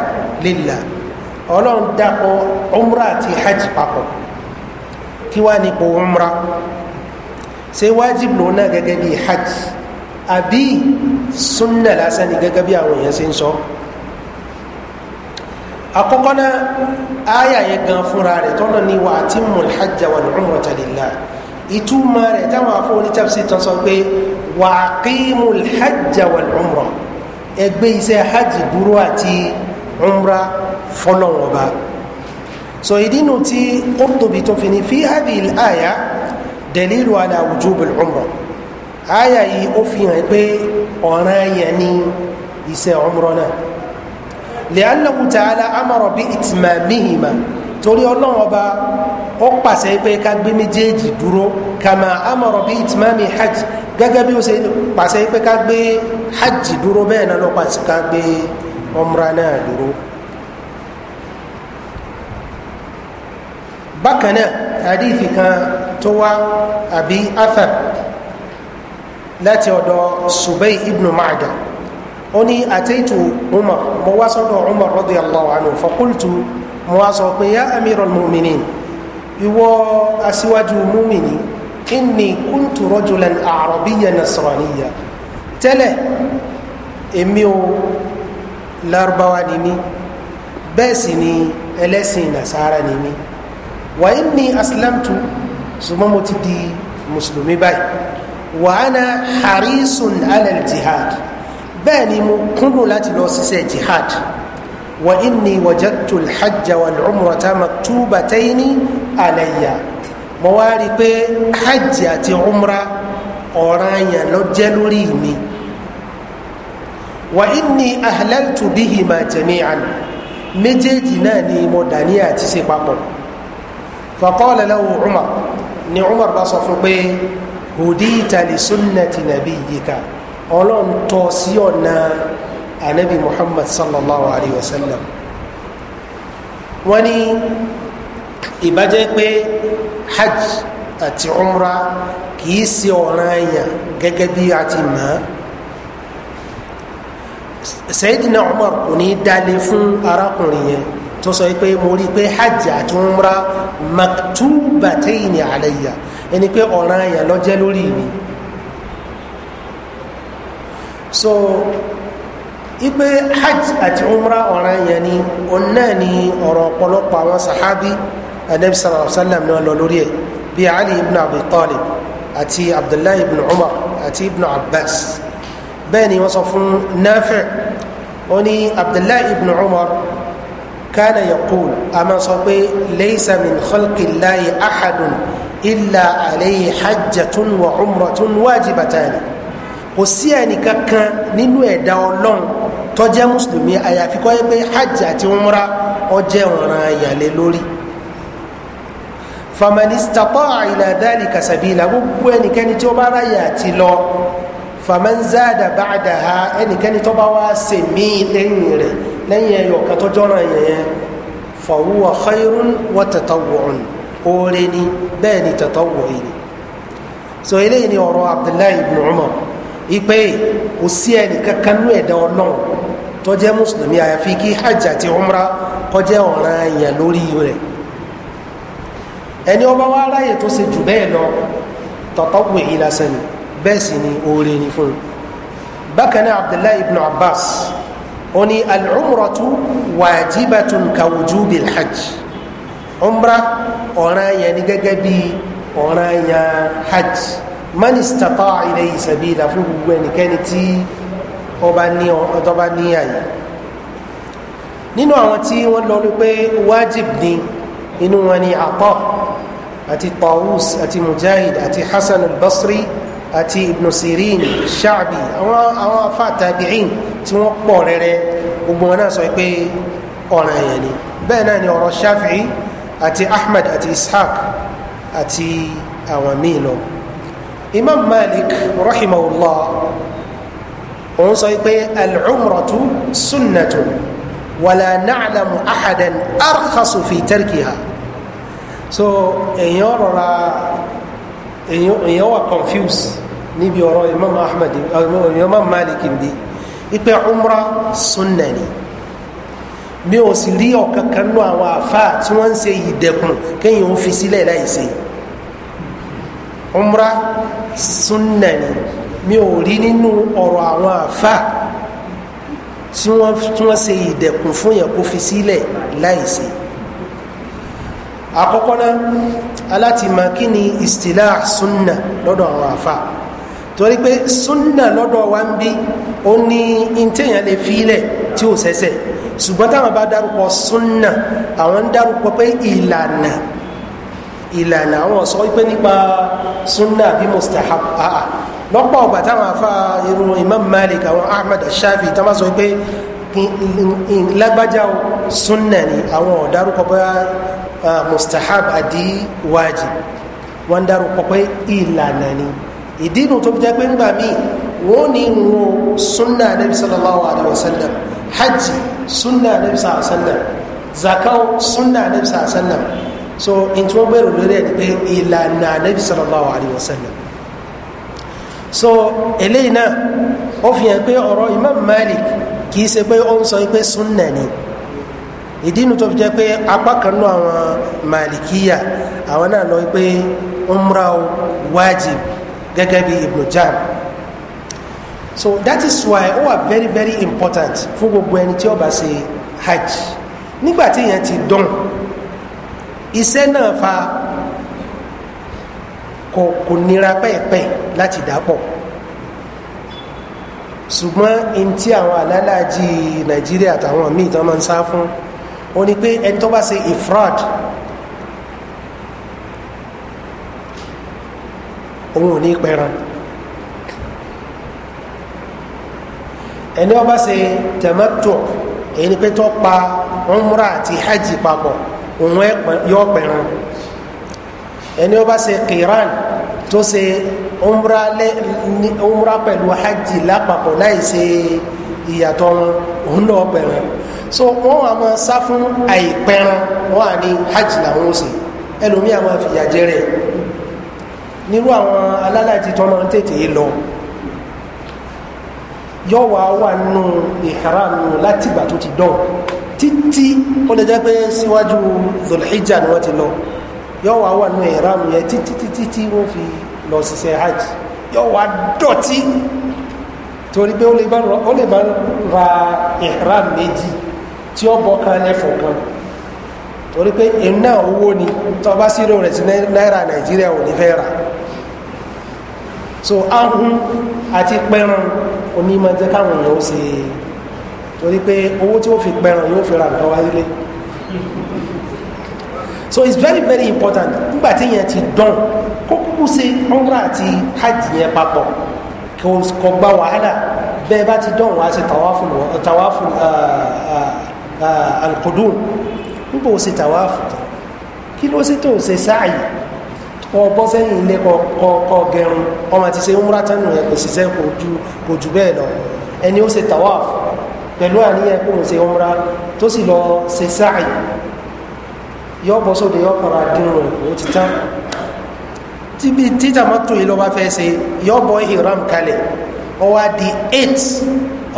lílà ọlọ́run dàpọ̀ umra àti hajj papọ̀ kí wàá nípò umra ṣé wájib lòun náà gẹ́gẹ́ bí hajj àbí sunna lásán ni gẹ́gẹ́ bí àwọn èèyàn ṣe ń sọ. So náà aya yẹn gan fúnra rẹ̀ tọ́nà ni wà tí mùlhájà wà lílà ìtumọ̀ rẹ̀ táwọn afọ́ onítàbí sí tán pé wà á kíímù hajj wal umra ẹgbẹ́ iṣẹ́ hajj dúró àti umra fọlọ́wọ́n ba so ìdínú tí Qurtubi tó fi ni fi hadhihi al-aya dalilu ala wujub al-umra aya yìí ó fi hàn pé ọ̀ràn yẹn ni iṣẹ́ umra náà li'annahu ta'ala amara bi itmamihima torí ọlọ́run ọba ó pàṣẹ pé ká gbé méjèèjì dúró kàmá amọ̀rọ̀ bíi ìtìmáàmì hajj gẹ́gẹ́ bí ó ṣe pàṣẹ pé ká gbé hajj dúró bẹ́ẹ̀ náà ló pàṣẹ ká gbé ọmọra náà dúró. bákan náà àdìfì kan tó wá àbí afar láti ọ̀dọ̀ subay ibn maada ó àtẹ̀tù umar mo wá sọ́dọ̀ umar rọ́dìyàlláhu anhu fọkúltù mo wá sọ pé ya amiral muminin ìwọ aṣíwájú mumini inni kuntu rojulan arabiya nasraniya tẹ́lẹ̀ èmi o larubawa ni mi bẹ́ẹ̀ sì ni ẹlẹ́sìn nasara ni mi wa inni aslamtu ṣùgbọ́n mo ti di mùsùlùmí báyìí wa ana harisun alal jihad bẹ́ẹ̀ ni mo kúndùn láti lọ ṣiṣẹ́ jihad. وإني وجدت الحج والعمرة مكتوبتين علي مواري بي حجة عمرة أورانيا لجلوري مي وإني أهللت بهما جميعا méjèèjì náà ni mo dà ní àti ṣe papọ̀ fàkọ́ọ̀lẹ̀ lọ́wọ́ umar ni umar bá sọ fún pé hùdí ìtàlẹ̀ sunnati nàbí yìíká ọlọ́run tọ́ sí ọ̀nà anabi muhammad sallallahu alayhi wa sallam wọ́n ní ìbájẹ́ pé hajj àti umra kìí ṣe ọ̀ràn èèyàn gẹ́gẹ́ bí a ti mọ̀ ọ́ sẹ́yìdìnà umar kò ní dalẹ̀ fún arákùnrin yẹn tó sọ pé mo rí i pé hajj àti umra maktubatayn alayya ẹni pé ọ̀ràn èèyàn lọ́jẹ́ lórí mi so ipe hajj àti umrah ọ̀ràn yẹn ni òun náà ni ọ̀rọ̀ ọ̀pọ̀lọpọ̀ àwọn sahabi anabi sallallahu alayhi wa sallam náà lọ lórí ẹ̀ bíi ali ibn abi talib àti abdullahi ibn umar àti ibn abbas bẹ́ẹ̀ ni wọ́n sọ fún nafi ó ní abdullahi ibn umar كان يقول أما صبي ليس من خلق الله أحد إلا عليه حجة وعمرة واجبتان kò sí ẹnìkan kan nínú ẹ̀dá ọlọ́run tó jẹ́ mùsùlùmí àyàfi kọ́ pé hajj àti umra ó jẹ́ ọ̀ràn ìyàlẹ́ lórí famanistapọ ila dhalika sabila gbogbo ẹnikẹ́ni tí ó bá ráyè àti lọ famanzada ba'daha ẹnikẹ́ni tó bá wá ṣe míì lẹ́yìn rẹ̀ ẹyọ kan tó jọ́ràn yẹn fahuwa khayrun wa tatawwu'un oore ni bẹ́ẹ̀ ni tatawwu'i ni so eléyìí ni ọ̀rọ̀ abdullahi ibn umar ipe kò sí ẹnì kankan nú ẹ̀dá ọlọ́run tó jẹ́ mùsùlùmí àyàfi kí hajj àti umra kó jẹ́ ọ̀ràn èèyàn lórí rẹ̀ ẹni ọba wa ráyè tó ṣe jù bẹ́ẹ̀ lọ tọ̀tọ̀pù èyí lásán ni bẹ́ẹ̀ sì ni oore ni fún un bákan náà abdullahi ibn abbas ó ní al-umratu wajibatun ka hajj umra ọ̀ràn èèyàn ni gẹ́gẹ́ bí ọ̀ràn èèyàn hajj man istata ilayhi sabila fún gbogbo ẹnikẹ́ni tí ọba ní ọtọ́ba ní àyè nínú àwọn tí wọ́n lọ rí pé wájib ni inú wọn ni Ata àti Tawus àti Mujahid àti Hasan al-Basri àti Ibn Sirin Sha'bi àwọn àwọn afa tabi'in tí wọ́n pọ̀ rẹrẹ gbogbo wọn náà sọ pé ọ̀ràn yẹn ni bẹ́ẹ̀ náà ni ọ̀rọ̀ Shafi'i àti Ahmad àti Ishaq àti àwọn míì lọ imam malik rahimahullah òun sọ pé al-umratu sunnatu wàlà na'lamu ahadan arkhasu fi tarkiha so èèyàn rọra èèyàn wà confuse níbi ọ̀rọ̀ imam ahmed imam malik ndi ipe umra sunna ni mi ò sì rí ọ̀kankan nú àwọn àfa tí wọ́n ń ṣe ìdẹ̀kùn kéèyàn ó fi sílẹ̀ láì ṣe umra sunna ni mi ò rí nínú ọ̀rọ̀ àwọn àfa tí wọ́n tí wọ́n ṣe ìdẹ̀kùn fún yẹn kó fi sílẹ̀ láìsí àkọ́kọ́ náà aláti máa kí ni istila sunna lọ́dọ̀ àwọn àfa torí pé sunna lọ́dọ̀ wa ń bí ó ní intéèyàn lè filẹ̀ tí ò sẹ́sẹ̀ ṣùgbọ́n táwọn bá dárúkọ sunna àwọn ń dárúkọ pé ìlànà ìlànà àwọn sọ pé nípa sunna bí mustahab àà lọ́pọ̀ ọ̀gbà táwọn afa irun imam malik àwọn ahmed shafi tá máa sọ pé lágbájá sunna ni àwọn ọ̀dárúkọ bóyá mustahab àdí wájib wọ́n ń dárúkọ pé ìlànà ni ìdí inú tó fi jẹ́ pé ńgbà míì wọ́n ní wọn sunna anabi sallallahu alayhi wa sallam hajj sunna anabi sallallahu alayhi wa sallam zakaw sunna anabi sallallahu alayhi wa sallam so n tí wọ́n gbẹ̀rù lórí ẹ̀ pé ìlànà anabi sallallahu alayhi wa sallam so eléyìí náà ó fi hàn pé ọ̀rọ̀ imam malik kì í ṣe pé ó ń sọ pé sunna ni ìdí inú tó fi jẹ́ pé apá kan àwọn malikiya àwọn náà lọ pé umra wajib gẹ́gẹ́ bí ibn jam so that is why ó wà very very important fún gbogbo ẹni tí ó bá ṣe hajj nígbà tí èèyàn ti dán iṣẹ́ náà fa kò kò nira pẹ́ẹ̀pẹ́ láti dàpọ̀ ṣùgbọ́n n tí àwọn alálàájì nàìjíríà àtàwọn míì tán máa ń sá fún ó ní pé ẹni tó bá ṣe ifrad òun ò ní pẹran ẹni ọba ṣe tẹmẹtọ èyí ni pé tó pa umra àti hajj papọ̀ òun yọ pẹ̀ràn ẹni ọba ṣe kiran tó ṣe umra pẹ̀lú hajj lápapọ̀ láì ṣe ìyàtọ̀ wọn òun náà pẹ̀ràn so wọn wà máa sá fún àìpẹ̀ràn wọn à ní hajj làwọn ó ṣe ẹlòmíà máa fìyà jẹ rẹ̀ nírú àwọn alálàájì tó máa ń tètè lọ yọ wà wà nù ìhàrà nù látìgbà tó ti dọ̀ títí ó lè jẹ́ pé síwájú zulhijjah ni wọ́n ti lọ yóò wá wà nù ìram yẹn títí títí tí wọ́n fi lọ ṣiṣẹ́ hajj yóò wá dọ̀tí torí pé ó lè bá ra ìram méjì tí ó bọ́ kan lẹ́fọ̀ kan torí pé iná owó ni tó bá sírò rẹ̀ sí náírà nàìjíríà ò ní fẹ́ rà so ahun àti pẹran onímọ̀ jẹ́ káwọn èèyàn ó ṣe é torí pé owó tí ó fi pẹran yóò fi ra nǹkan wá ilé so it's very very important nígbà tí yẹn ti dán kó kúkú ṣe umrah àti hajj yẹn papọ̀ kò kò gba wàhálà bẹ́ẹ̀ bá ti dán wàá ṣe tawaful tawaful uh, uh, uh, alqudum nígbà ó ṣe tawaful tán kí ló ṣe tó ṣe sáàyè kọ bọ́ sẹ́yìn ilé kọ gẹrun ọmọ àti ṣe umrah tán nù yẹn kò sì sẹ́ kò ju bẹ́ẹ̀ lọ ẹni ó ṣe tawaful pẹ̀lú àníyàn kó ń se ọmọra tó sì lọ se sáàyè yọ bọ́ sóde yọ kọ́ra dínrùn òun ti tán tíbi títà mọ́tò yìí lọ́ba fẹ́ se yọ bọ́ ìhìram kalẹ̀ ọ wá di eight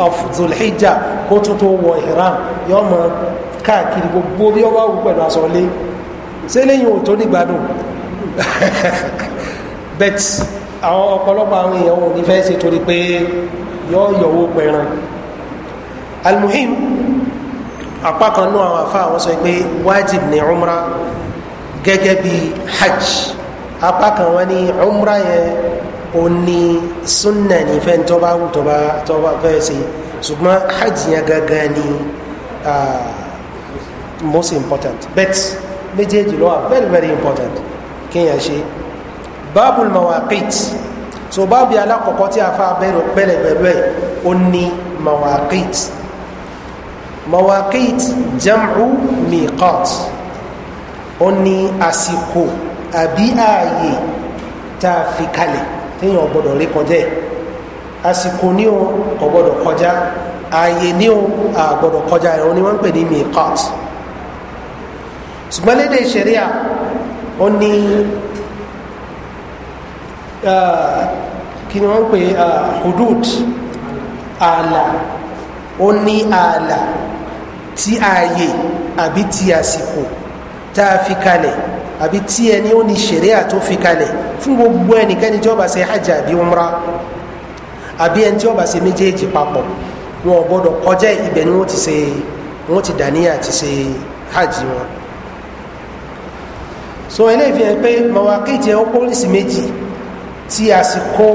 of zulhijja kó tó tó wọ ìhìram yọ mọ káàkiri gbogbo bí ọba wù pẹ̀lú aṣọ lé sẹ́lẹ̀yìn ò tó nígbàdùn bẹ́t àwọn ọ̀pọ̀lọpọ̀ àwọn èèyàn ò ní fẹ́ se torí pé yọ yọ̀wó pẹ̀ràn almuhim apá kan nú àwọn afa àwọn sọ pé wájib ní umra gẹ́gẹ́ bí hajj apá kan wọn ní umra yẹn ó ní sunna ní fẹ́ tó bá wù tó bá tó bá hajj yẹn gangan ni most important bet méjèèjì lọ́wọ́ very very important kéèyàn ṣe babul mawaqit so báàbí alákọ̀ọ́kọ́ tí a fa bẹ̀rẹ̀ pẹ̀lẹ̀ pẹ̀lú ẹ̀ ó mawaqit mawakit jam'u miqat ó ní àsìkò àbí ààyè tá a fi kalẹ̀ téèyàn gbọ́dọ̀ rí kọjá ẹ̀ àsìkò ní o kò gbọ́dọ̀ kọjá ààyè ní o a gbọ́dọ̀ kọjá ẹ̀ ó ní wọ́n pè ní miqat ṣùgbọ́n lédè ìṣẹ̀ríà ó ní kí ni wọ́n pè hudud ààlà ó ní ààlà ti ààyè àbí ti àsìkò tá a fi kalẹ̀ àbí tí ẹni ó ní ṣẹ̀ríà tó fi kalẹ̀ fún gbogbo ẹnikẹ́ni tí ó bá ṣe hajj àbí umra àbí ẹni tí ó bá ṣe méjèèjì papọ̀ wọn ò gbọdọ̀ kọjá ibẹ̀ ni wọ́n ti ṣe wọ́n ti dàníyà ti ṣe hajj wọn so eléyìí fi hàn pé mọ̀wákìtì ẹ̀ ó pólísì méjì ti àsìkò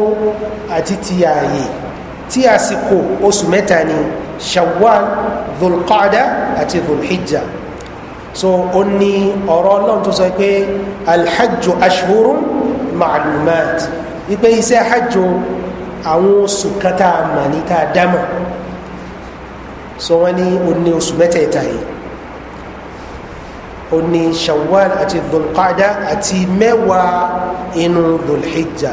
àti ti ààyè ti àsìkò oṣù mẹ́ta ni shawwal dhulqaada àti dhulhijja so ó ní ọ̀rọ̀ ọlọ́run tó sọ pé alhajju ashhurun ma'lumat wípé iṣẹ́ hajjo àwọn oṣù kan tá a mọ̀ so wọ́n ní ó ní oṣù mẹ́tẹ̀ẹ̀ta yìí ó ní shawwal àti dhulqaada àti mẹ́wàá inú dhulhijja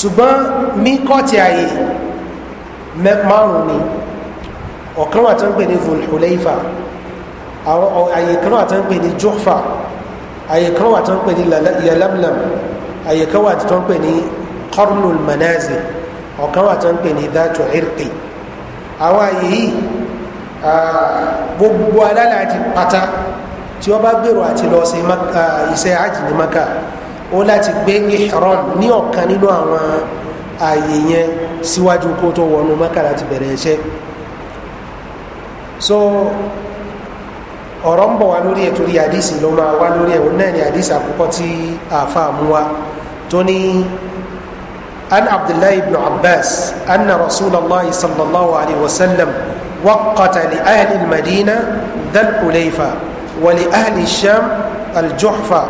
ṣùgbọ́n mí kọ́ ti àyè márùn-ún ni ọ̀kan wà tó ń pè ní Dhul-Hulayfa àyè kan wà tó ń pè ní Juhfa àyè kan wà tó ń pè ní Yalamlam àyè kan wà tó ń pè ní Qarnul Manazil ọ̀kan wà tó ń pè ní Dhatu Irqi àwọn àyè yìí gbogbo alálàájì pátá tí wọ́n bá gbèrò àti lọ sí iṣẹ́ àjì ní maka ó láti gbé ihram ní ọ̀kan nínú àwọn àyè yẹn síwájú kó tó wọnú maka láti bẹ̀rẹ̀ iṣẹ́ so ọ̀rọ̀ ń bọ̀ wá lórí ẹ̀ torí àdìsí ló máa wá lórí ẹ̀ náà ni àdìsí àkọ́kọ́ tí àfa mú wa tó ní an abdullahi ibn abbas anna rasulallah sallallahu alayhi wa sallam waqata li ahli madina dal ulayfa wa li ahli sham al juhfa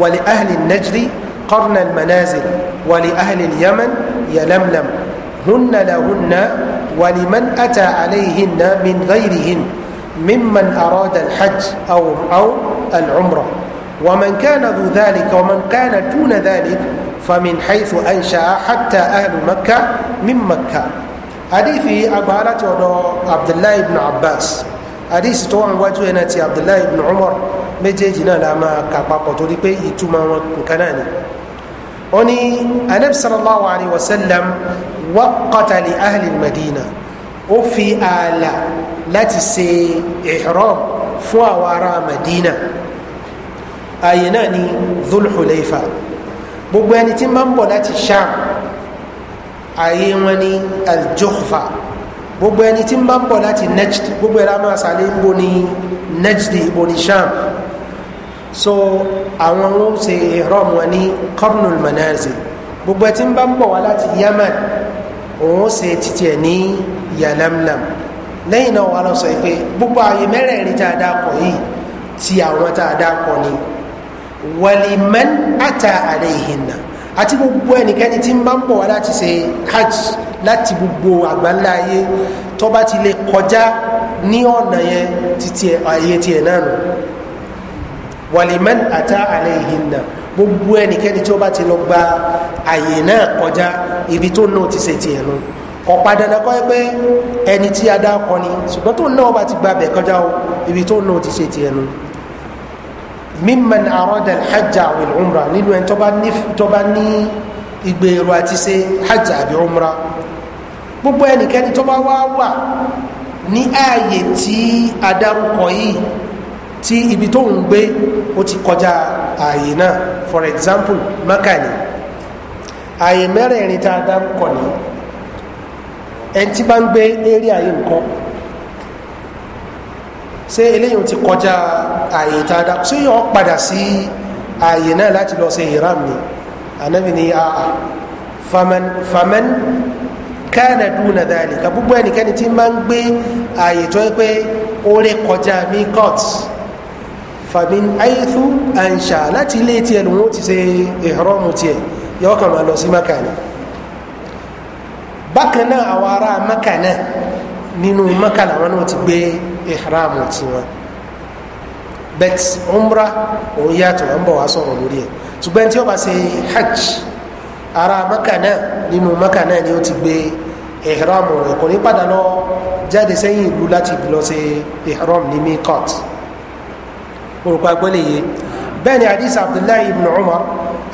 wa li ahli najdi qarna al manazil wa li ahli yaman yalamlam hunna lahunna ولمن أتى عليهن من غيرهن ممن أراد الحج أو أو العمرة ومن كان ذو ذلك ومن كان دون ذلك فمن حيث أنشأ حتى أهل مكة من مكة حديث عبارة عبد الله بن عباس حديث طوعا وجه عبد الله بن عمر مجيجنا لما كبابا تولي بي يتوما oni anabi sallallahu alayhi wa sallam waqata li ahli madina ó fi ààlà láti ṣe ihram fún àwọn ará madina ààyè náà ni dhulhuleifa gbogbo ẹni tí máa ń bọ̀ láti sham ààyè wọn ni aljuhfa gbogbo ẹni tí máa ń bọ̀ láti najd gbogbo ẹ̀rọ amáṣálẹ̀ ń bo ni najd ibo ni sham so àwọn ló ṣe ihram wọn ní qarnul manazil gbogbo ẹ ti ń bá ń bọ̀ wá láti yemen òun ṣe títí ẹ̀ ní yalamlam lẹ́yìn náà wà lọ sọ pé gbogbo ààyè mẹ́rẹ̀ẹ̀rin tá a dá kọ yìí ti àwọn tá a dá kọ ni wàlìmẹ́n àtà àlẹ́ ìhìnà àti gbogbo ẹnikẹ́ni tí ń bá ń bọ̀ wá láti ṣe hajj láti gbogbo àgbáńlá ayé tó bá ti lè kọjá ní ọ̀nà yẹn títí ààyè tiẹ̀ náà nù wàlìmán àtà àlẹ́yìn náà gbogbo ẹnikẹ́ni tí ó bá ti lọ gba àyè náà kọjá ibi tó náà ti ṣe tiẹ̀ lọ ọ̀pá dandan kọ́ ẹ pé ẹni tí a dá kọ ni ṣùgbọ́n tó náà bá ti gba bẹ̀ kọjá o ibi tó náà ti ṣe tiẹ̀ lọ mímọ̀n àrọ́dà hajj àwọn ìlúmra nínú ẹni tó bá ní ìgbèrò àti ṣe hajj àbí umra gbogbo ẹnikẹ́ni tó bá wá wà ní ààyè tí a dárúkọ yìí tí ibi tó ń gbé ó ti kọjá ààyè náà for example maka ni ààyè mẹ́rẹ̀ẹ̀rin tá a dá kọ̀ ní ẹni tí bá ń gbé eré ààyè nǹkan ṣé eléyìí ti kọjá ààyè tá a dá ṣé yọ padà sí ààyè náà láti lọ ṣe ìram ni anabi ni a a faman faman kánà dúnà dáàlì kà ẹnikẹ́ni tí máa ń gbé ààyè tó yẹ pé ó ré kọjá mi court fàmín àìtú àǹṣà láti ilé tiẹ̀ lòun ó ti ṣe ìhọ́rọ́mù tiẹ̀ yọ kàn máa lọ sí maka ni bákan náà àwọn ará maka náà nínú maka làwọn náà ti gbé ìhọ́rọ́mù tiwọn bet umra òun yàtọ̀ à ń bọ̀ wá sọ̀rọ̀ lórí ẹ̀ ṣùgbọ́n tí ó bá ṣe hajj ará maka náà nínú maka náà ni ó ti gbé ìhọ́rọ́mù rẹ̀ kò ní padà lọ jáde sẹ́yìn ìlú láti lọ ṣe ìhọ́rọ́mù ní mikot. وكاكوليه بني عديس عبد الله بن عمر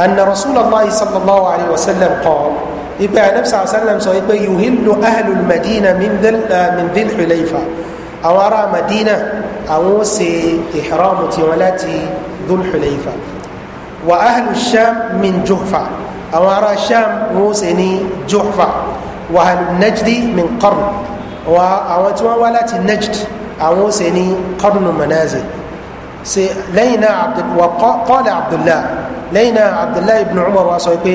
ان رسول الله صلى الله عليه وسلم قال صلى الله عليه وسلم سويبا يهل اهل المدينه من ذي الحليفة ذل او ارى مدينه او سي احرام تيولاتي ذل حليفه واهل الشام من جهفة او ارى الشام موسني جحفة واهل النجد من قرن واوتوا ولات النجد او سني قرن منازل ṣe lẹ́yìn náà wà kọ́lá abdullah lẹ́yìn náà abdullah ibn umar wa sọ pé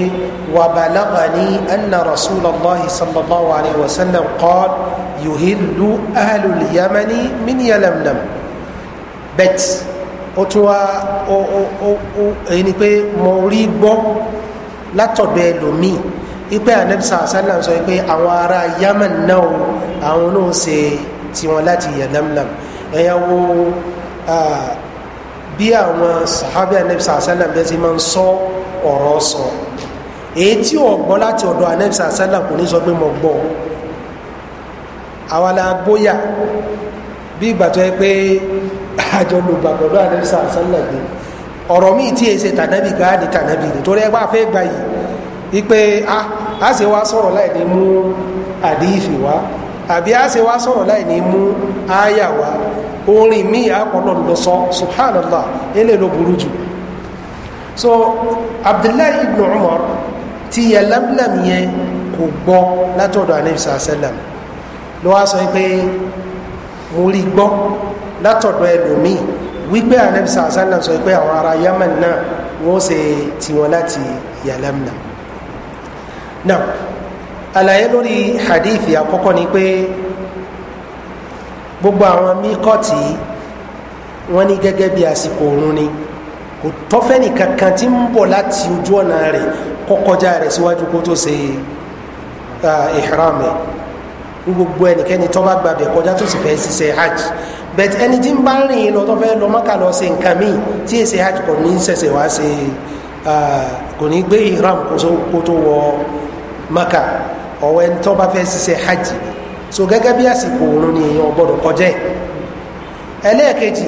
wà bàlágà ní anna rasulallah sallallahu alayhi wa sallam kọ́l yuhilu ahlul yamani min yalamlam bet ó tún wá ó ó ó ó èyí ni pé mo rí gbọ́ látọ̀dọ̀ ẹlòmíì ipe anabisa asalam sọ pé àwọn ará yaman náà àwọn náà ṣe tiwọn láti yalamlam ẹ̀yà wo. Ah, bí àwọn sàhábẹ́ anẹ́bísà sálàm bẹ́ẹ̀ ti máa ń sọ ọ̀rọ̀ sọ èyí tí ò gbọ́ láti ọ̀dọ̀ anẹ́bísà sálàm kò ní sọ pé mo gbọ́ àwa la bóyá bí ìgbà tó yẹ pé àjọ lùgbà pẹ̀lú anẹ́bísà sálàm gbé ọ̀rọ̀ míì tí èsè tànàbì gbá ní tànàbì nítorí ẹgbà fẹ́ gbà yìí wípé a ṣe wá sọ̀rọ̀ láì ní mú àdífì wá àbí a ṣe wá sọ̀rọ̀ láì ní mú áyà wá orin mi àpọ̀lọ̀ lọ sọ subhanallah ilé ló burú jù so abdullahi ibn umar ti yẹ lamlam yẹn kò gbọ́ látọ̀dọ̀ anabisa sallam ló wá sọ pé mo rí gbọ́ látọ̀dọ̀ ẹlòmíì wípé anabisa sallam sọ pé àwọn ará yemen náà wọ́n ṣe tiwọn láti yẹ lamlam náà àlàyé lórí hadithi àkọ́kọ́ ni pé gbogbo àwọn míkọ́tì wọ́n ní gẹ́gẹ́ bí àsìkò òun ni kò tọ́fẹ́nì kankan tí ń bọ̀ láti ojú ọ̀nà rẹ̀ kọ́kọ́já rẹ̀ síwájú kó tó ṣe ihram ẹ̀ gbogbo ẹnikẹ́ni tó bá gbàbẹ̀ kọjá tó sì fẹ́ ṣiṣẹ́ hajj bẹ́ẹ̀ ẹni tí ń bá rìn lọ tó fẹ́ lọ mọ́kà lọ ṣe nǹkan míì tí èsì hajj kò ní ṣẹ̀ṣẹ̀ wá ṣe kò ní gbé ihram kó tó wọ mọ́kà ọ̀wẹ́ tó bá fẹ́ ṣiṣẹ́ hajj so gẹ́gẹ́ bí àsìkò òun ni èèyàn gbọ́dọ̀ kọjá ẹ̀ ẹlẹ́ẹ̀kejì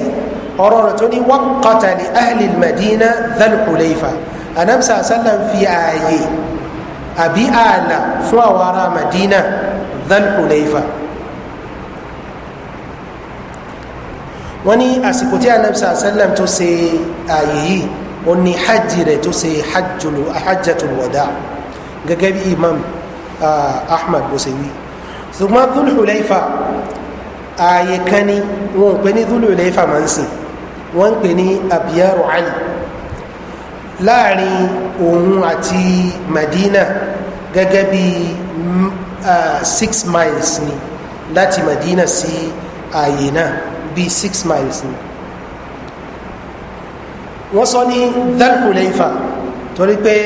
ọ̀rọ̀ rẹ̀ tó ní waqata li ahli al-madina dhal hulayfa anamsa sallam fi ààyè àbí ààlà fún àwọn ará madina dhal hulayfa wọ́n ní àsìkò tí anamsa sallam tó ṣe ààyè yìí ó ní hajj rẹ̀ tó ṣe hajjatul wada gẹ́gẹ́ bí imam ah, ahmad bó ṣe wí ṣùgbọ́n dúlùlẹ́fà ààyè kan ni wọn ò pè ní dúlùlẹ́fà máa ń sìn wọ́n ń pè ní abiyaru ali láàrin òun àti madina gẹ́gẹ́ bí mm, six miles ni láti madina sí ààyè náà bí six miles ni wọ́n sọ ní dúlùlẹ́fà torí pé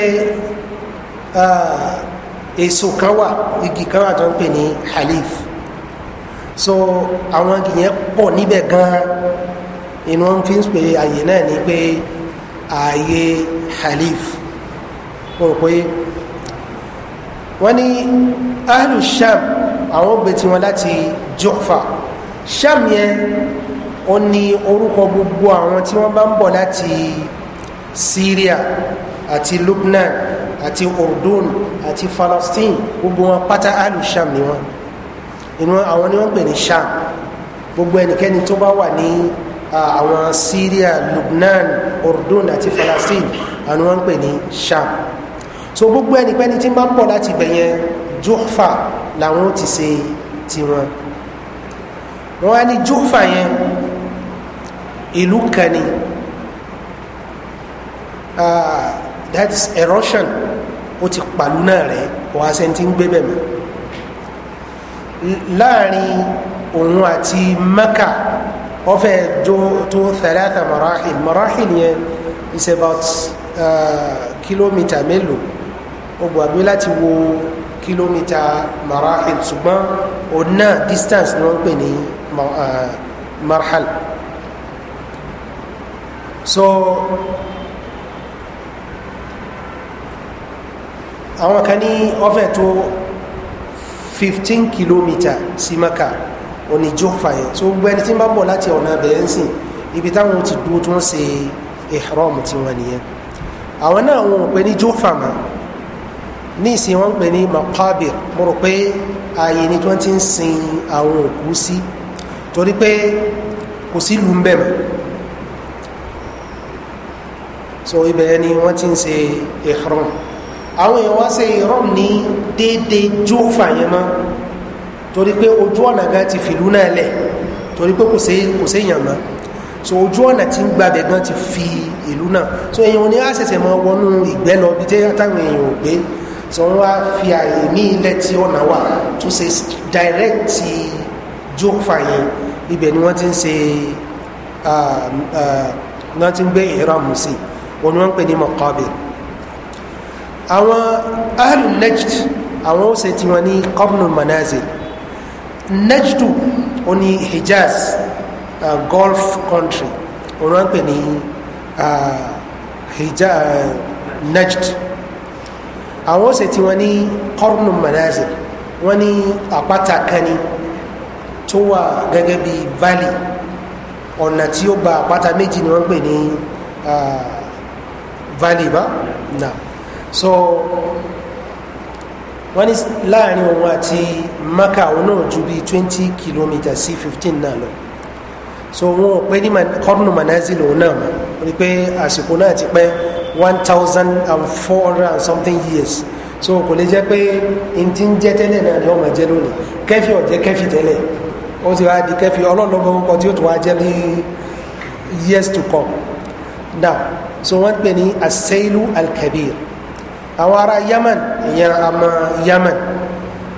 èso kan wà igi kan wà tó ń pè ní halif so àwọn igi yẹn pọ̀ níbẹ̀ gan-an inú wọn fi ń pè àyè náà ní pé ààyè halif mo rò pé wọ́n ní ahlu sham àwọn gbé tiwọn láti jọ́fà sham yẹn ó ní orúkọ gbogbo àwọn tí wọ́n bá ń bọ̀ láti syria àti lubnan àti urdun àti falastin gbogbo wọn pátá alu sham ni wọn inú àwọn ni wọn pè ní sham gbogbo ẹnikẹ́ni tó bá wà ní àwọn syria lubnan urdun àti falastin àwọn wọn pè ní sham so gbogbo ẹnikẹ́ni tí ń bá ń bọ̀ láti ibẹ̀ yẹn juhfa làwọn ti ṣe tiwọn wọn á ní juhfa yẹn ìlú kan ni. Uh, that's a Russian ó ti pàlú náà rẹ̀ wọ́n á sẹ́ni tí ń gbé bẹ̀ mọ́ láàrin òun àti mẹ́kà wọ́n fẹ́ tó thalatha marahil marahil yẹn is about uh, kìlómítà mélòó ó gbàgbé láti wo kìlómítà marahil ṣùgbọ́n òun náà distance ni wọ́n pè ní uh, marhal so àwọn kan ní ọfẹ́ tó fifteen kilometre sí maka òní jófa yẹn tó gbẹ́ ní tí ń bá bọ̀ láti ọ̀nà bẹ̀rẹ̀ ń sìn ibi táwọn ti dúró tí wọ́n ṣe ihram tí wọ́n nìyẹn àwọn náà wọn ò ní jófa mọ́ ní ìsìn wọn ń ní makabir mo rò pé ààyè ni tí wọ́n ti ń sin àwọn òkú sí torí pé kò sí lu ń bẹ̀ mọ́ so ibẹ̀ ni wọ́n ti ń ṣe ihram àwọn èèyàn wá ṣe ìrọ́m ní déédéé jófà yẹn mọ́ torí pé ojú ọ̀nà gan ti fìlú náà lẹ̀ torí pé kò séèyàn mọ́ so ojú ọ̀nà tí ń gbabẹ̀ gan ti fi ìlú náà so èèyàn ò ní á ṣẹ̀ṣẹ̀ mọ wọnú ìgbẹ́ lọ bí tẹ́ táwọn èèyàn ò gbé so wọ́n wá fi àyè ní ilẹ̀ tí ọ̀nà wà tó ṣe direct jófà yẹn ibẹ̀ ni wọ́n ti ń ṣe wọ́n ti ń gbé ìrọ̀mù sí wọn ni wọ́n ń pè ní mọ̀kọ́bẹ̀rẹ̀ àwọn ahlul najd àwọn ó ṣe tiwọn ní qabnu manazil najd ó ní hijaz uh, gulf country òun á pè ní hijaz najd àwọn ó ṣe tiwọn ní qarnu manazil wọ́n ní àpáta kan tó wà gẹ́gẹ́ bí valley ọ̀nà tí ó gba àpáta méjì ni wọ́n pè ní valley bá náà so wọ́n ní láàrin òun àti maka òun náà ju bíi twenty kilometres sí fifteen náà lọ so wọn ò pé ní kọ́dùnù manazil òun náà mọ̀ wọ́n pé àsìkò náà ti pẹ́ one thousand and four hundred and something years so kò lè jẹ́ pé n ti ń jẹ́ tẹ́lẹ̀ náà ni wọ́n máa jẹ́ lónìí kẹ́fì ọ̀jẹ́ kẹ́fì tẹ́lẹ̀ ó ti wá di kẹ́fì ọlọ́ọ̀lọ́gbọ̀n kọ́ tí ó tún wá jẹ́ ní years to come now so wọ́n pè ní asailu alkabir. Al àwọn ará Yemen ìyẹn àmọ́ Yemen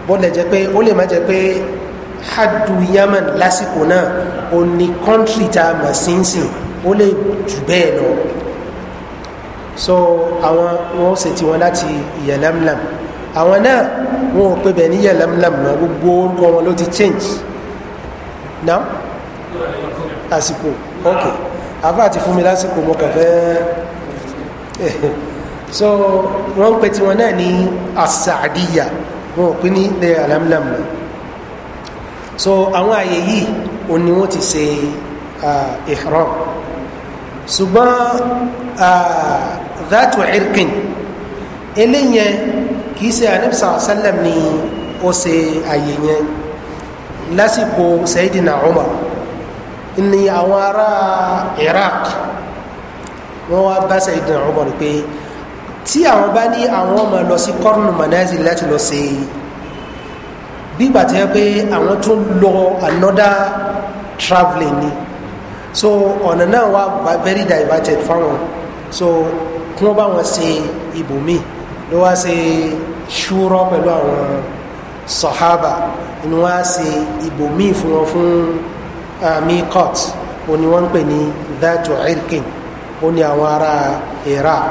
bó lè jẹ́ pé ó lè má jẹ́ pé hadu Yemen lásìkò náà ó ní kọ́ńtì tá a mọ̀ sínsìn ó lè jù bẹ́ẹ̀ lọ so àwọn wọn ṣe tiwọn láti yẹlẹmlẹm àwọn náà wọn ò pe bẹ ní yẹlẹmlẹm náà gbogbo orúkọ wọn ló ti change na àsìkò ok àfa àti fún mi lásìkò mo kàn fẹ́. so wọ́n pè tiwọn náà ní asaadiya wọn ò pín ní ilẹ̀ alamlam so àwọn àyè yìí ò ní wọ́n ti ṣe ihram ṣùgbọ́n dhatu irkin eléyẹn kìí ṣe anabisa sallam ni ó ṣe àyè yẹn lásìkò sayidina umar ni àwọn ará iraq wọ́n wá bá sayidina umar pé tí àwọn bá ní àwọn ọmọ lọ sí kọ́rùnù mọ̀nàzì láti lọ sí bígbà tí wọ́n pé àwọn tún lọ another travelling ni so ọ̀nà náà wà very diverted fáwọn so kí wọ́n bá wọn ṣe ibòmí ló wá ṣe ṣúrọ́ pẹ̀lú àwọn sọ̀hábà ni wọ́n á ṣe ibòmí fún wọn fún mikot òní wọ́n ń pè ní that irkin òní àwọn ará iraq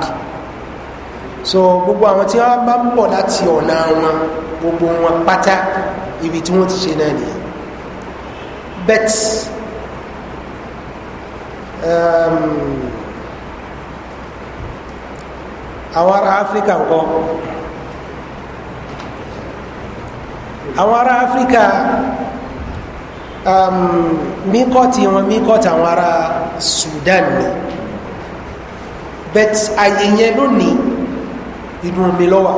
so gbogbo àwọn tí wọ́n bá ń bọ̀ láti ọ̀nà wọn gbogbo wọn pátá ibi tí wọ́n ti ṣe náà nìyẹn bet um, àwọn ará áfíríkà ń kọ́ àwọn ará áfíríkà um, míkọ́tì wọn míkọ́tì àwọn ará sudan ni bet ayẹyẹ lónìí inú omi lọ́wà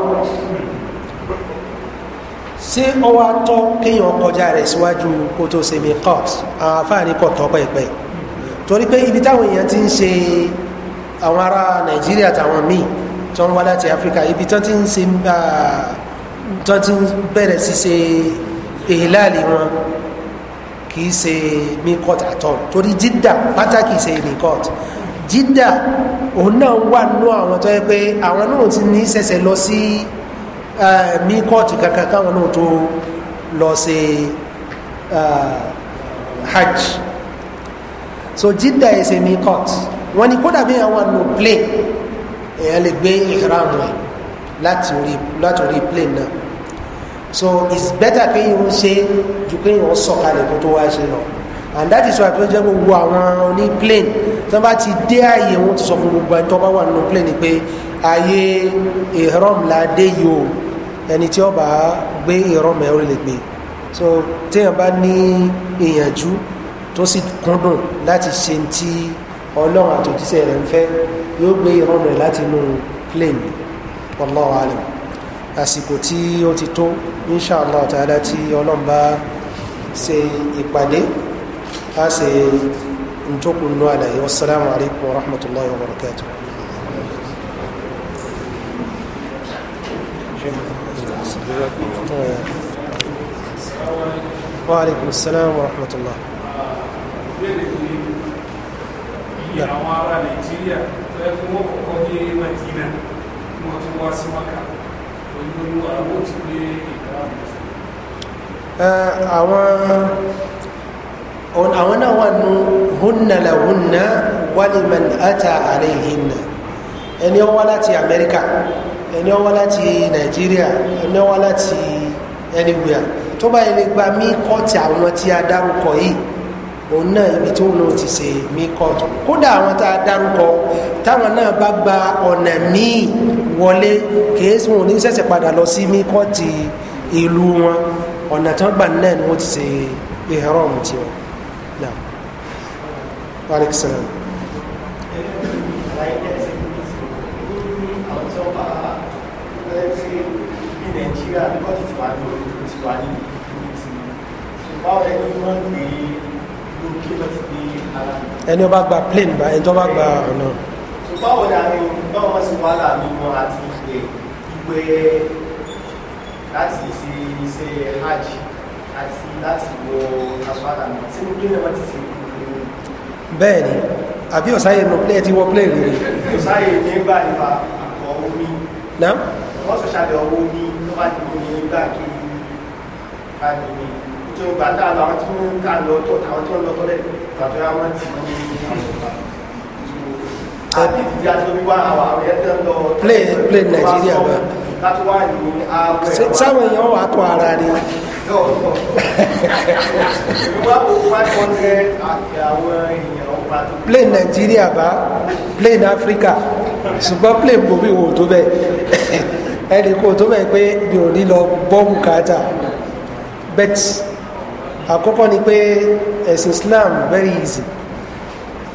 ṣé ọwọ́ atọ́ kéèyàn kọjá rẹ̀ síwájú kó tó ṣe mi cox àwọn afáàní kọ̀ tọ́ pẹ̀pẹ̀ torí pé ibi táwọn èèyàn ti ń ṣe àwọn ará nàìjíríà àtàwọn míì tó ń wá láti áfíríkà ibi tó ti ń se tó ti ń bẹ̀rẹ̀ sí se èhìláàlì wọn kì í ṣe mi court àtọ̀ torí jídà pátá kì mi court jídà òun náà wà nú àwọn tó yẹ pé àwọn náà ti ní sẹsẹ lọ sí mí kóòtù kankan káwọn náà tó lọ sí hajj so jidda is a mí kóòtù wọn ni kódà bí àwọn àna plane èèyàn lè gbé ìhram rẹ láti orí láti orí plane náà so it's better kéèyàn ṣe ju kéèyàn sọ̀kalẹ̀ kó tó wá ṣe lọ. No and that is why tó jẹ́ gbogbo àwọn oní plane tó bá ti dé ààyè wọn ti sọ fún gbogbo ẹni tó bá wà nínú plane pé ààyè ìrọ̀m la dé yìí o ẹni tí ó bá gbé ìrọ̀m ẹ̀ ó lè gbé so téèyàn bá ní ìyànjú tó sì kúndùn láti ṣe ti ọlọ́run àtòjíṣẹ́ rẹ̀ ń fẹ́ yóò gbé ìrọ̀m rẹ̀ láti inú plane wallahu alam àsìkò tí ó ti tó insha Allah ta'ala tí ọlọ́run bá ṣe ìpàdé a ṣe ntokunu àlàyé wasalaamu alaykum wa rahmatulahi wa barakatuh. wa alaykum salaam wa rahmatulah. iye àwọn ará nàìjíríà tó yẹ kí wọ́n kọ́kọ́ àwọn náà wà nù hunna la hunna waliman ata alayhinna ẹni ó wá láti amẹ́ríkà ẹni ó wá láti nàìjíríà ẹni ó wá láti anywhere tó bá yẹ lè gba mí kọ́ọ̀tì àwọn tí a dárúkọ yìí òun náà ibi tó lóun ti ṣe mí kódà àwọn tá a dárúkọ táwọn náà bá gba ọ̀nà míì wọlé kìí sùn òní ṣẹ̀ṣẹ̀ padà lọ sí mí ìlú wọn ọ̀nà tán gbà náà ni wọ́n ti ṣe ìhẹ́rọ̀mù tiwọn. Alex Salam. Nàìjíríà bí wọ́n ti wà ní orí ti wà ní ìlú ti báwọn ẹni wọ́n gbé lókè lọ́ti gbé ara mi. Ẹni ọba gba plane bá ẹni tó bá gba ọ̀nà. Tó báwo ni àwọn báwọn wọ́n sì wá là mí mọ́ àti ìgbé ìgbé láti ṣe iṣẹ́ hajj àti láti wọ aṣọ tí mo gbé lẹ́wọ̀n ti ṣe bẹ́ẹ̀ ni àbí ọ̀sáyè nù plẹ̀ tí wọ́n plẹ̀ rí rí. ọ̀sáyè ní gbà nípa àkọ́ omi. na. wọ́n sọ ṣàbẹ̀ ọwọ́ omi ló bá dìbò ní gbà kí a lè ní. ìjọ ìgbà tá a lọ àwọn tí wọ́n ń ta lọ tó àwọn tí wọ́n lọ tọ́lẹ̀ tàbí àwọn tí wọ́n ń ta lọ. àbí ìdí àti omi wá àwọn àwọn ẹ̀ tẹ́ lọ. plẹ̀ plẹ̀ nàìjíríà bá. láti wá ní àwọn. sáwọn èèyàn wà á kọ ara rẹ̀. No, no. Yorùbá kò five hundred àwọn èèyàn ọba tó. Plane Nàìjíríà Africa ṣùgbọ́n plane bòbí wo tó bẹ́ẹ̀ ẹnì kò tó bẹ́ẹ̀ pé mi ò ní lọ bọ́ọ̀mù bet àkọ́kọ́ ni pé ẹ̀sìn Islam very easy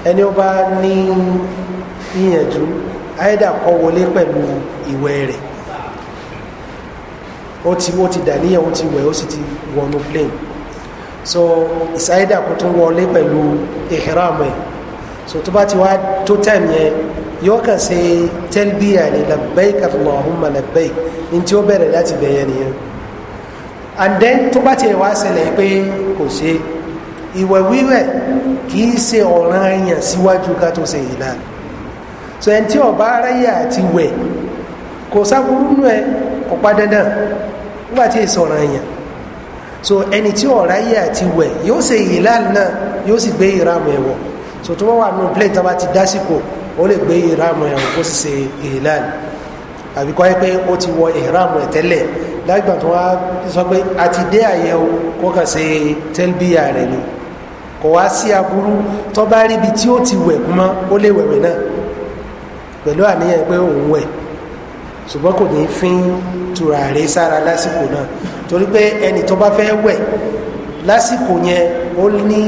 ẹni ó bá ní ìyànjú wọlé pẹ̀lú rẹ̀ ó ti ó ti dàníyàn ó ti wẹ̀ ó sì ti wọnú plane so ìsáyédà kó tún wọlé pẹ̀lú ìhìrámù ẹ̀ so tó bá ti wá tó time yẹn yóò kàn ṣe tẹ́lbíyà ní labbaik allahumma labbaik ní tí ó bẹ̀rẹ̀ láti bẹ̀yẹ nìyẹn and then tó bá ti wá ṣẹlẹ̀ pé kò ṣe ìwẹ̀ wíwẹ̀ kì í ṣe ọ̀ràn èèyàn síwájú ká tó ṣe ìlànà so ẹni tí ọba aráyè àti wẹ̀ kò sábúrú nù ẹ kò pa dandan nígbà tí èso ọ̀ràn èèyàn so ẹni tí ọ̀rá yẹ àti wẹ̀ yóò ṣe ìlànà náà yóò sì gbé ìramu ẹ̀wọ̀ so tó wọ́n wà nínú plẹ̀ tó bá ti dásìkò ó lè gbé ìramu ẹ̀wọ̀ kó sì ṣe ìlànà àbí kọ́ pé ó ti wọ ìramu ẹ̀ tẹ́lẹ̀ lágbà tó wá sọ pé a dé àyẹ̀wò kó kàn ṣe tẹ́lbíyà rẹ̀ ni kò wá sí aburú tó bá ríbi tí ó ti wẹ̀ kúmọ́ ó lè wẹ̀wẹ̀ náà pẹ̀lú àníyàn pé òun wẹ̀ ṣùgbọ́n kò ní fín tùràrí sára lásìkò náà torí pé ẹni tó bá fẹ́ wẹ̀ lásìkò yẹn ó ní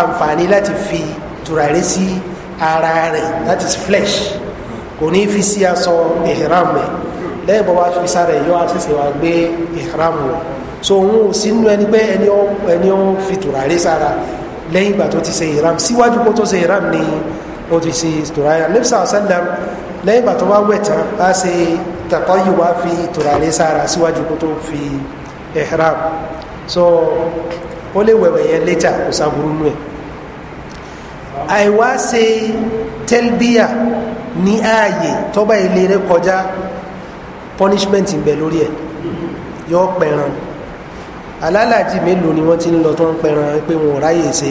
àǹfààní láti fi tùràrí sí ara rẹ̀ that is flesh kò ní fi sí aṣọ ìhìram rẹ̀ lẹ́yìn bọ́ wá fi sára ẹ̀ yọ àṣìṣe wa gbé ìhìram rẹ̀ so òun ò sí nínú ẹni pé ẹni ó fi tùràrí sára lẹ́yìn ìgbà tó ti ṣe ìhìram síwájú kó tó ṣe ìhìram ni ó ti ṣe tùràrí alẹ́bíṣà ọ̀sán lẹ́nu lẹ́yìn ìgbà tó bá wẹ̀ tán á ṣe tàpá yìí wá fi tòràlé sára síwájú kó tó fi ẹ̀hrab so ó lè wẹ̀wẹ̀ yẹn létà kò sáburú nù ẹ̀ àìwá ṣe tẹ́lbíà ní ààyè tọ́ba ilé rẹ kọjá punishment ń bẹ lórí ẹ̀ yọ pẹ̀ràn alálàjì mélòó ni wọ́n ti ń lọ tó ń pẹ̀ràn pé wọn ò ráyè ṣe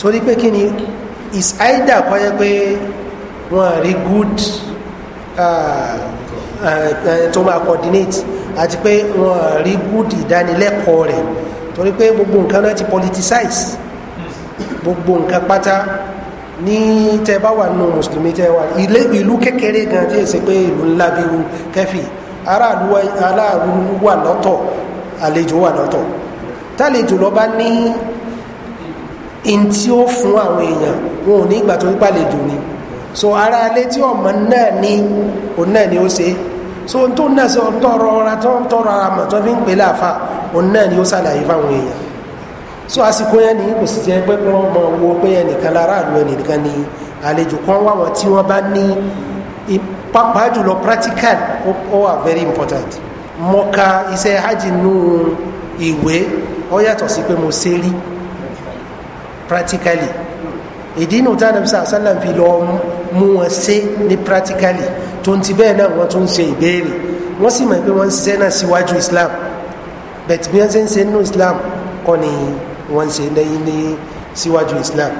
torí pé kí ni is either kọ́ yẹ pé wọn rí good uh, uh, uh, tó máa coordinate àti pé wọn rí good ìdánilẹ́kọ̀ọ́ rẹ̀ torí pé gbogbo nǹkan náà ti politicize gbogbo nǹkan pátá ní tẹ bá wà nù mùsùlùmí tẹ wà ìlú kékeré gan tí èsì pé ìlú ńlá bí irú kẹfì aráàlú wà lọ́tọ̀ àlejò wà lọ́tọ̀ tálejò lọ bá ní in tí ó fún àwọn èèyàn wọn ò ní ìgbà tó ń pàlejò ni so ara alẹ́ tí ọmọ náà ní òun náà ni ó ṣe so n tó náà sọ tọrọ ọra tọrọ ara mọ̀ tó fi ń pè láàfà òun náà ni ó ṣàlàyé fáwọn èèyàn so àsìkò yẹn ni kò sì jẹ́ pé wọ́n mọ owó pé ẹnìkan lára àlù ẹnìkan ni àlejò kan wá wọn tí wọ́n bá ní pàápàá jùlọ practical ó wà very important mo ka iṣẹ́ hajj nù ìwé ó yàtọ̀ sí pé mo ṣe rí practically ìdí inú tá a nàbí sàlám fi lọ mú wọn ṣe ní practically tó ń ti bẹ́ẹ̀ náà wọ́n tún ń ṣe ìbéèrè wọ́n sì mọ̀ pé wọ́n ń ṣiṣẹ́ náà síwájú islam But bí wọ́n ṣe ń ṣe nínú islam kọ́ ni wọ́n ń ṣe lẹ́yìn ní síwájú islam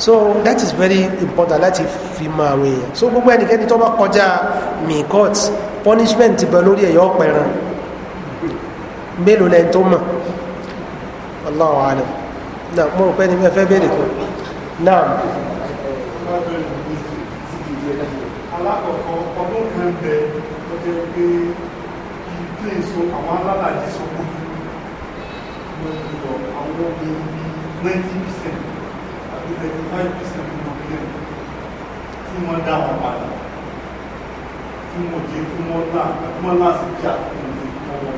so that is very important láti fi mọ àwọn èèyàn so gbogbo ẹnikẹ́ni tó bá kọjá mikot punishment ti bẹ lórí ẹ̀yọ́ pẹ̀ràn mélòó lẹ́yìn tó mọ̀ Allahu alam náà mo rò pé ni mi ẹ fẹ́ béèrè kan náà alákọ̀ọ́kọ́ ọdún kan bẹ tó jẹ́ pé ilé èso àwọn alálàyé sọ́kò lọ́dọ̀ àwọn obìnrin bíi ninety percent àti thirty five percent nínú ilé tí wọ́n dá wọn padà tí wọ́n jẹ́ kí wọ́n là kí wọ́n là sí jà kí wọ́n lè kọ́ wọn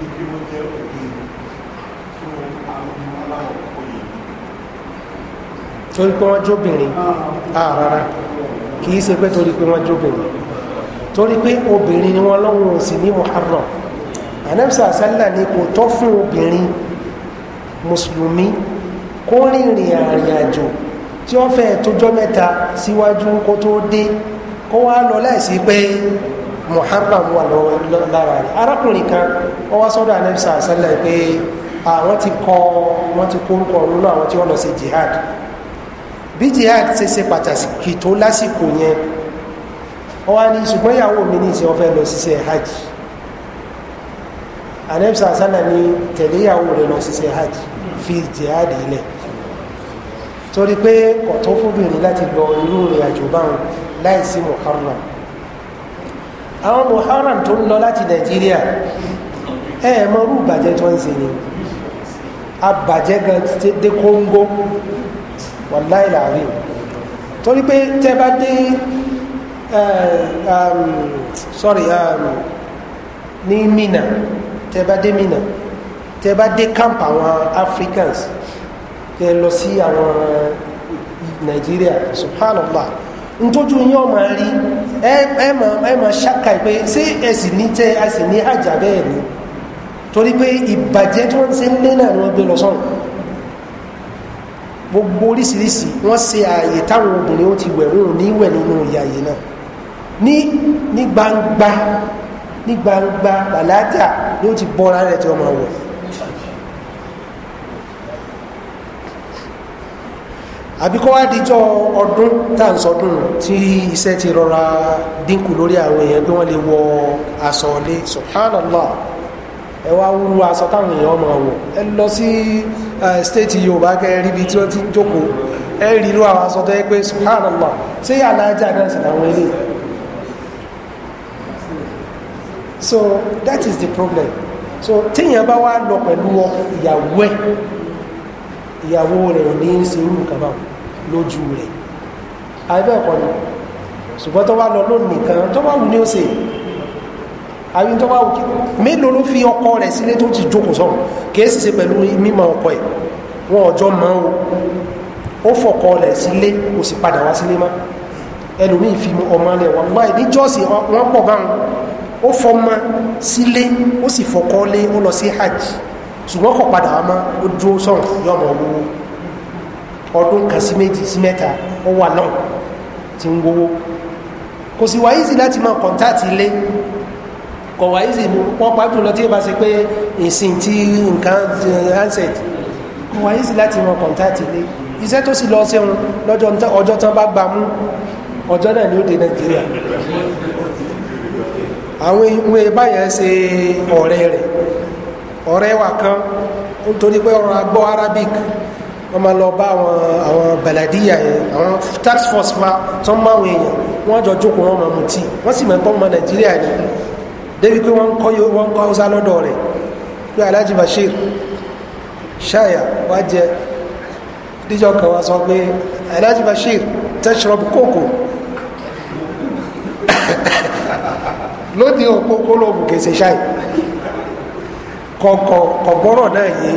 nítorí pé wọ́n jẹ́ obìnrin tó àwọn alákọ̀ọ́kọ́ yìí. torí pé wọ́n jóbìnrin ah, ah, rárá kì í ṣe pé torí pé wọ́n jóbìnrin torí pé obìnrin ni wọ́n lọ́wọ́ sí ní muharram anamsa asala ni kò tọ́ fún obìnrin mùsùlùmí kó rìnrìn àrìn àjò tí wọ́n fẹ́ tójọ́ mẹ́ta síwájú kó tó dé kó wá lọ láìsí pé muharram wà lára rẹ̀ arákùnrin kan wọ́n wá sọ́dọ̀ anamsa asala pé àwọn ti kọ́ wọ́n ti kórúkọ nínú àwọn tí wọ́n lọ sí jihad bí jihad ṣe ṣe pàtàkì tó lásìkò yẹn wọ́n wá ní ṣùgbọ́n ìyàwó mi ní ìṣe ọ̀fẹ́ lọ ṣiṣẹ́ hajj anabisa asana ni tẹ̀lé ìyàwó rẹ̀ lọ ṣiṣẹ́ hajj fi jihad ilẹ̀ torí pé kò tó fúnbìnrin láti lọ irú rìn àjò báwọn láìsí muharram àwọn muharram tó ń lọ láti nàìjíríà ẹ ẹ mọ irú ìbàjẹ́ tó ń ṣe ni abàjẹ́ gan dé kóńgó wàláì làárín torí pé tẹ́ bá dé eh, um, um, ní mina tẹ́ bá dé mina tebade bá dé camp àwọn africans tẹ́ lọ sí àwọn nàìjíríà subhanallah ntójú yín ọmọ rí ẹ mọ ṣáka pé ṣé ẹ sì ní tẹ ẹ ni torí pé ìbàjẹ́ tí wọ́n ṣe ń lọ gbogbo oríṣiríṣi wọ́n ṣe ààyè táwọn obìnrin ó ti wẹ̀ wọn ò ní wẹ̀ nínú ìyàyè náà ní ní gbangba ní gbangba bàlájà ni ó ti bọ́ra rẹ̀ tí wọ́n máa wọ̀ àbí kọ́ wá dijọ́ ọdún tá à ń sọdún tí iṣẹ́ ti rọra dínkù lórí àwọn èèyàn pé wọ́n lè wọ aṣọ ilé subhanallah ẹ wá wúru aṣọ táwọn èèyàn máa wọ̀ ẹ lọ sí stéètì yorùbá kẹ ẹ tí wọ́n ti ń jókòó ẹ rí irú àwọn aṣọ tó yẹ pé subhanallah ṣé yà lájà náà sì làwọn ilé so that is the problem so téèyàn bá wá lọ pẹ̀lú ìyàwó ẹ̀ ìyàwó rẹ̀ ò ní í ṣe irú nǹkan báwọn lójú rẹ̀ àìbẹ́ẹ̀kọ́ ni ṣùgbọ́n tó wá lọ lónìí kan tó wá wù ní ó ṣe àbí tó bá wù kí mélòó ló fi ọkọ rẹ̀ sílé tó ti jókòó sọ̀rọ̀ kìí sì ṣe pẹ̀lú mímọ̀ ọkọ ẹ̀ wọn ọjọ́ mọ́ o ó fọkọ rẹ̀ sílé kò sì padà wá sílé mọ́ ẹlòmíì fi ọmọ rẹ̀ wà wáyé níjọ́sì wọ́n pọ̀ báwọn ó fọmọ sílé ó sì fọkọ lé ó lọ sí hajj ṣùgbọ́n kọ̀ padà wá mọ́ ó dúró sọ̀rọ̀ yọmọ owó ọdún kan sí méjì sí mẹ́ta ó wà náà ti ń wowó kò sì wáyé sí láti máa kọ̀ńtáàtì ilé kọ̀wá ìsì wọ́n pàtó lọ tí ẹ bá se pé ìsìn tí nǹkan eh, handset kọ̀wá ìsì láti wọn kọ̀ǹtàtì lé iṣẹ́ tó sì lọ sẹ́wọ̀n lọ́jọ́ ọjọ́ tán bá gbà mú ọjọ́ náà ni ó dé nàìjíríà àwọn ìwé báyẹn ṣe ọ̀rẹ́ rẹ̀ ọ̀rẹ́ wa kan nítorí pé ọ̀rọ̀ agbọ́ arabic wọ́n máa lọ bá àwọn àwọn baladiya yẹn àwọn tax force fa tó ń máwọn èèyàn wọ́n jọ jókòó wọn máa mutí wọ́n sì máa pọ́n ọmọ nàìjíríà ni débi pé wọ́n ń kọ́ yóò wọ́n ń kọ́ haúsá lọ́dọ̀ rẹ̀ pé alhaji bashir ṣáyà wá jẹ díjọ kan wá sọ pé alhaji bashir tẹ́ṣọ̀rọ̀ kòkò lóde òpó kólóòbù kèsè ṣáì kọ̀ọ̀kọ̀ kọ̀gbọ́rọ̀ náà yé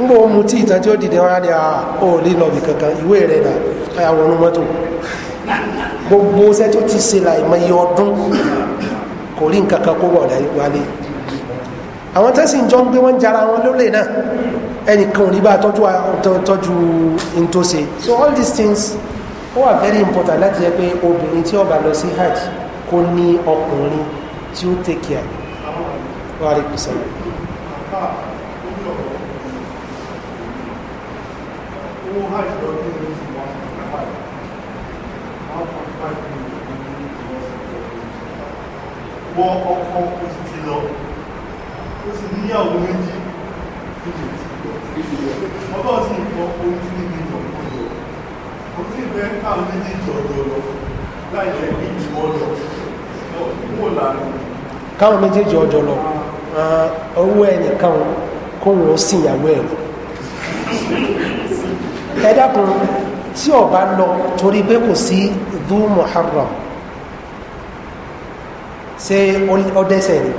ń bò mu tí ìtàn tí ó dìde wá ní àà ó lè lọ bì kankan ìwé rẹ̀ nà àyàwó ọ̀nù mọ́tò gbogbo ṣẹ́ tó ti ṣe láì mọ iye ọdún kò rí nǹkan kan kó wọ̀dà wálé àwọn tẹ́sí ìjọ ń gbé wọ́n jara wọn lólè náà ẹnìkan ò ní bá tọ́jú tọ́jú ntòsí so all these things ó wà very important láti jẹ́ pé obìnrin tí ó bá lọ sí hajj kó ní ọkùnrin tí ó take care wà á rí kùsọ̀. owó hajj wọ ọkọ ó sì ti lọ ó sì níyàwó méjì ọba ọtí nìkan ohun tí níbi ìjọ̀pọ̀ lọ ó sì fẹ́ káwọn méjì jọ̀jọ̀ lọ láì jẹ́ bí ìwọ lọ wò lánà. káwọn méjèèjì ọjọ́ lọ owó ẹ̀yìn káwọn kó wọn sì yàwó ẹ̀rù ẹ tí ọba lọ torí pé kò sí dúró muharram ṣe ọdẹsẹ̀ ni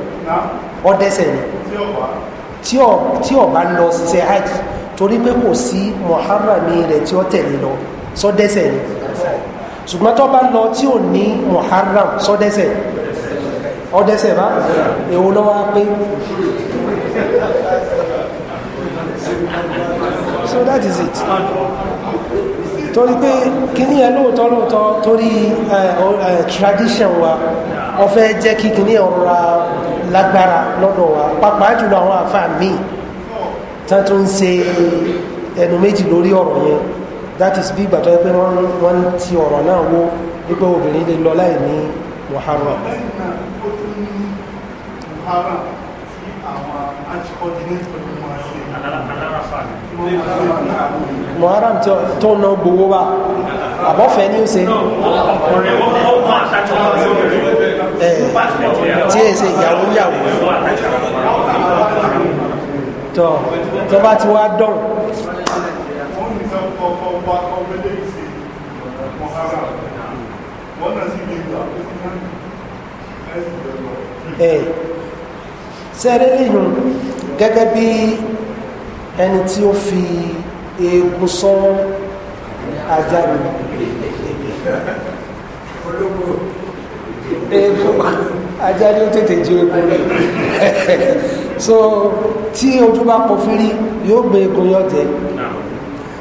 ọdẹsẹ̀ ni tí ọba lọ ṣiṣẹ́ hajj torí pé kò sí muharrami rẹ̀ tí ó tẹ̀lé lọ sọdẹsẹ̀ ni ṣùgbọ́n tó bá lọ tí ò ní muharram sọdẹsẹ̀ ọdẹsẹ̀ bá èwo lọ́wọ́ pé so that is it torí pé kí ni ẹ lóòótọ́ lóòótọ́ torí eh, eh, tradition wa. uh, ọ̀fẹ́ jẹ́ kí kìíní ọ̀rọ̀ lágbára lọ́dọ̀ wa pàápàá jùlọ àwọn àfáà míì tán tó ń ṣe ẹnu méjì lórí ọ̀rọ̀ yẹn that is bí ìgbà tó yẹ pé wọ́n ń ti ọ̀rọ̀ náà wó wípé obìnrin lè lọ láì ní muharram. muharram tó ná gbowó wa àbọ̀fẹ́ ni ó ṣe. ọkùnrin ó kọ́ ọ́ àtàkùn ọ̀rọ̀ tí èsè ìyàwó yàwó tọ́ tó bá ti wá dán sẹ́rẹ́ lèyìn gẹ́gẹ́ bí ẹni tí ó fi eegun sán ajá mi epo ajá ni ó tètè jí epo rẹ̀ so tí ojú bá pọ̀ fún rí yóò gbé epo yọ jẹ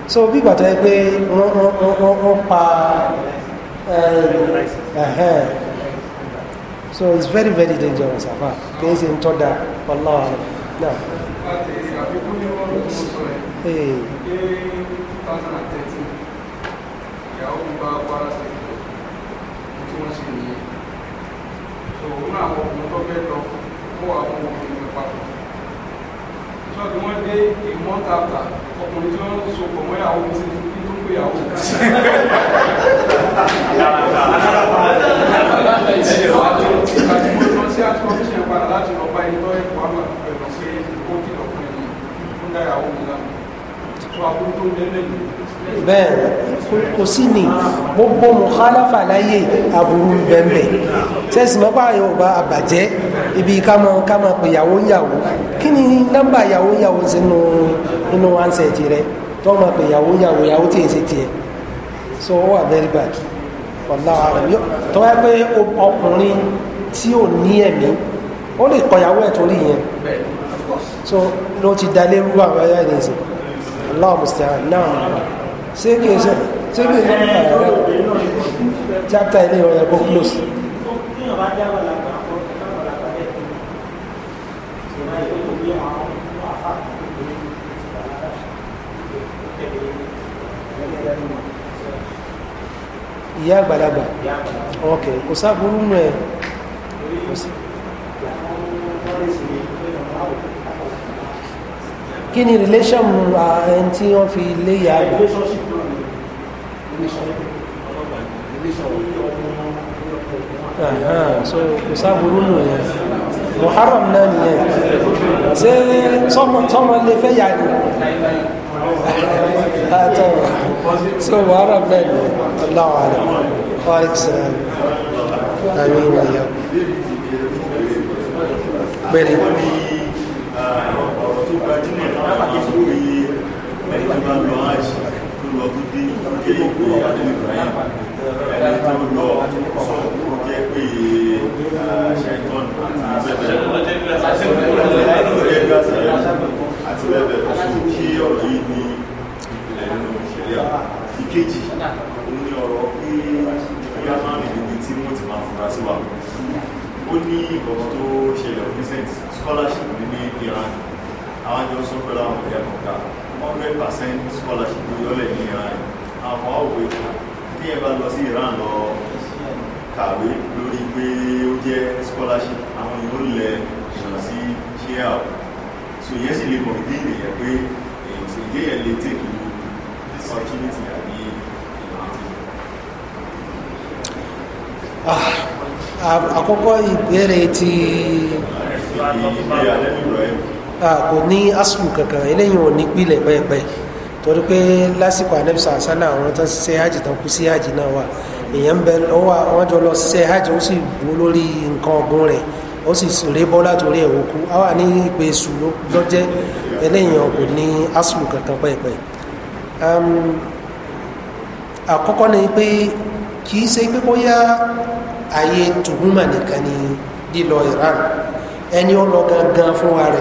so bí ìgbà tó yẹ pé wọ́n pa so it's very very dangerous afa kì í ṣe ń tọ́ da ọlọ́wọ́ náà. wà fún ọkùnrin nípa ṣọ́ọ̀dún wọ́n dé ìmọ̀ tààtà ọkùnrin tí wọ́n so pọ̀ mọ́ ìyàwó mi sí kí tó pé ìyàwó láti lọ bá ẹni lọ́yẹ̀ kó àmà pẹ̀lú sí ó kìlọ̀ ele ẹni fún dáyàwó mi lánàá. Sọ àbúrò tó ń lé lẹ́yìn. bẹ́ẹ̀ kò sí ni gbogbo mùkálàfà láyé aburu bẹ́ẹ̀ sẹ́sì mọ́pá yorùbá àbàjẹ́ ibi kámọ kámọ pé yàwó yàwó kí ni nọ́mbà yàwó yàwó sínú inú ansẹ̀tì rẹ tó pé yàwó yàwó yàwó tí èsì tiẹ̀ so ó wà very bad wallahu alam tó pé ọkùnrin tí ò ní ẹ̀mí ó lè ẹ̀ torí so ló ti dalé rú àwọn ẹ̀yà ìrìnsì ṣé kì í ṣe ṣé kì í ṣe nípa ẹ̀rọ chapter ilé ọ̀rẹ́ kó close. ìyá àgbàlagbà ok kò sáàbùrú nù ẹ kí ni relation uh, ẹni tí wọ́n fi lé ìyá àgbà اها محرم لا نيات صم صم اللي في يعني ها عرب لا نيات الله اعلم وعليك السلام امين يا رب kéde ìwé àdéhùn ibrahim ẹni tó lọ sọ fún jẹ pé ṣẹtọn àti bẹ́ẹ̀ àti bẹ́ẹ̀ bẹ́ẹ̀ sọ kí ọ̀rọ̀ yìí ní ẹnu ìṣẹ̀lẹ̀ ìkejì ó ní ọ̀rọ̀ pé bóyá máa ń rìn níbi tí wọn ti máa fura sí wa ó ní ìkọ̀kọ̀ tó ṣẹlẹ̀ recent scholarship ní Iran àwọn àjọ sọ pé láwọn ẹ̀yà kọ̀ọ̀kan one hundred percent scholarship ló yọlẹ̀ ní Iran àwọn òwe bí ẹ bá lọ sí Iran lọ kàwé lórí pé ó jẹ́ scholarship àwọn yóò lẹ ìrìnà sí ṣíà o so ìyẹn sì lè mọ̀ ìdí ìrìnyẹn pé èyí tí ìdí yẹn lè take you this opportunity àbí ah, àkọ́kọ́ ìbéèrè ti ah, kò ní asùn kankan eléyìí ò ní pìlẹ̀ pẹ́ẹ̀pẹ́ẹ̀ torí pé lásìkò anabisa asana àwọn tó ń ṣiṣẹ́ hajj tán kú sí hajj náà wà èèyàn bẹ ọwọ́ wọn jọ lọ ṣiṣẹ́ hajj ó sì dúró lórí nǹkan ọ̀gbun rẹ̀ ó sì rè bọ́ látòrí ẹ̀ òkú àwa ní ìpè sùn lọ́jẹ́ ẹlẹ́yìn kò ní asùlù kankan pẹ́ẹ́pẹ́ àkọ́kọ́ ni pé kì í ṣe pé ni lílọ Iran ẹni ó lọ gangan fún ara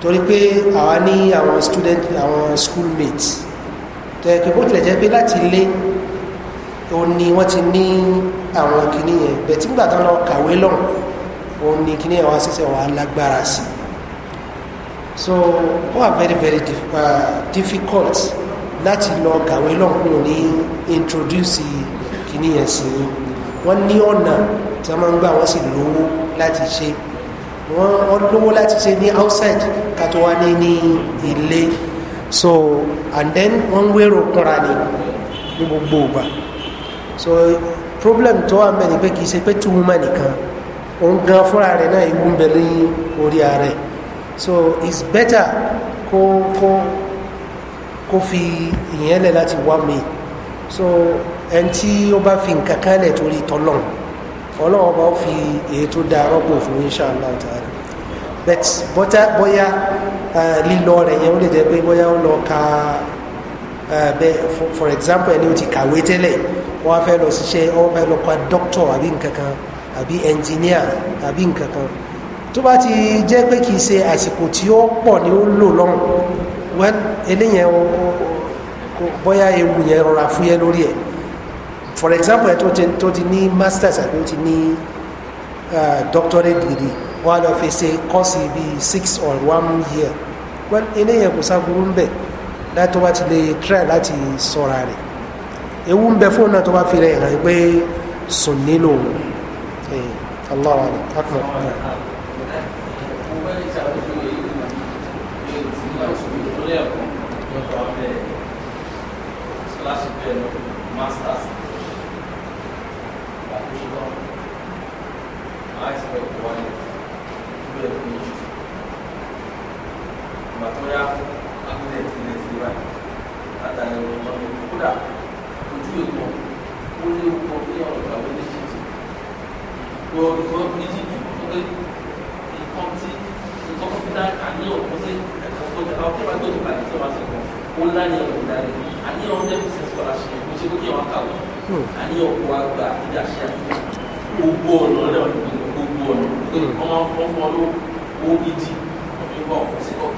torí pé àwa ní àwọn student àwọn schoolmates tó yẹ pé bó tilẹ̀ jẹ́ pé láti ilé òun ni wọ́n ti ní àwọn kìíní yẹn bẹ̀tí nígbà tó lọ kàwé lọ́hùn òun ni kìíní yẹn wá ṣẹ̀ṣẹ̀ wà lágbára sí so wọ́n wà very very uh, difficult láti lọ kàwé lọ́hùn kúrò ní introduce kìíní yẹn sí wọ́n ní ọ̀nà tí wọ́n máa ń gbà wọ́n sì lówó láti ṣe é wọ́n lówó láti ṣe ní outside kátó wá ní ní ilé so and then wọ́n wérò kúnra ni ní gbogbo ògbà so problem tó wà mẹ́rin pé kì í ṣe pé túmọ̀ nìkan òun gan fúnra rẹ̀ náà ewu ń bẹ ní orí ààrẹ so it's better kó kó kó fi ìyẹn lẹ̀ láti wá mi so ẹni tí ó bá fi nǹkan kan torí tọ́lọ́run ọlọ́wọ́ bá fi èyí tó da rọ́pò fún inṣàlá ọ̀tàrà bet bọ́tá bọ́yá lílọ rẹ̀ yẹn ó lè jẹ́ pé bọ́yá ó lọ ka bẹ́ẹ̀ for example ẹni ó ti kàwé tẹ́lẹ̀ wọ́n á fẹ́ lọ ṣiṣẹ́ wọ́n fẹ́ lọ pa doctor àbí nǹkan kan àbí engineer àbí nǹkan kan tó bá ti jẹ́ pé kì í ṣe àsìkò tí ó pọ̀ ni ó lò lọ́rùn wẹ́n eléyẹn bọ́yá ewu yẹn rọra fúyẹ́ lórí ẹ̀ for example tó ti ní masters àbí ó ti ní doctorate degree wọ́n á lọ fi ṣe kọ́ọ̀sì bíi six or one year wọ́n eléyẹn kò sáburú ń bẹ̀ láti wá ti lè try láti sọ̀ra rẹ̀ ewu ń bẹ fóònù náà tó bá fi rẹ̀ hàn pé sùn nílò ọlọ́run akọ̀ọ̀kan. gbogbo olùkọ́ méjì pé nǹkan tí nǹkan tó fi dá àníyàn kó sí ẹ̀kọ́ tó jẹ́ àwọn kébà tó ti bàjẹ́ tí wọ́n ti kọ́ ó láníyàn kó dání àníyàn ọ̀dẹ́ fi ṣe sọ́ra ṣe kó ṣe kó kí wọ́n kàwé àníyàn kó wá gba ìdá ṣe gbogbo ọ̀nà náà gbogbo ọ̀nà pé hmm. ọmọ fọ́fọ́ ló ó gidi ọ̀fìn bọ̀ kó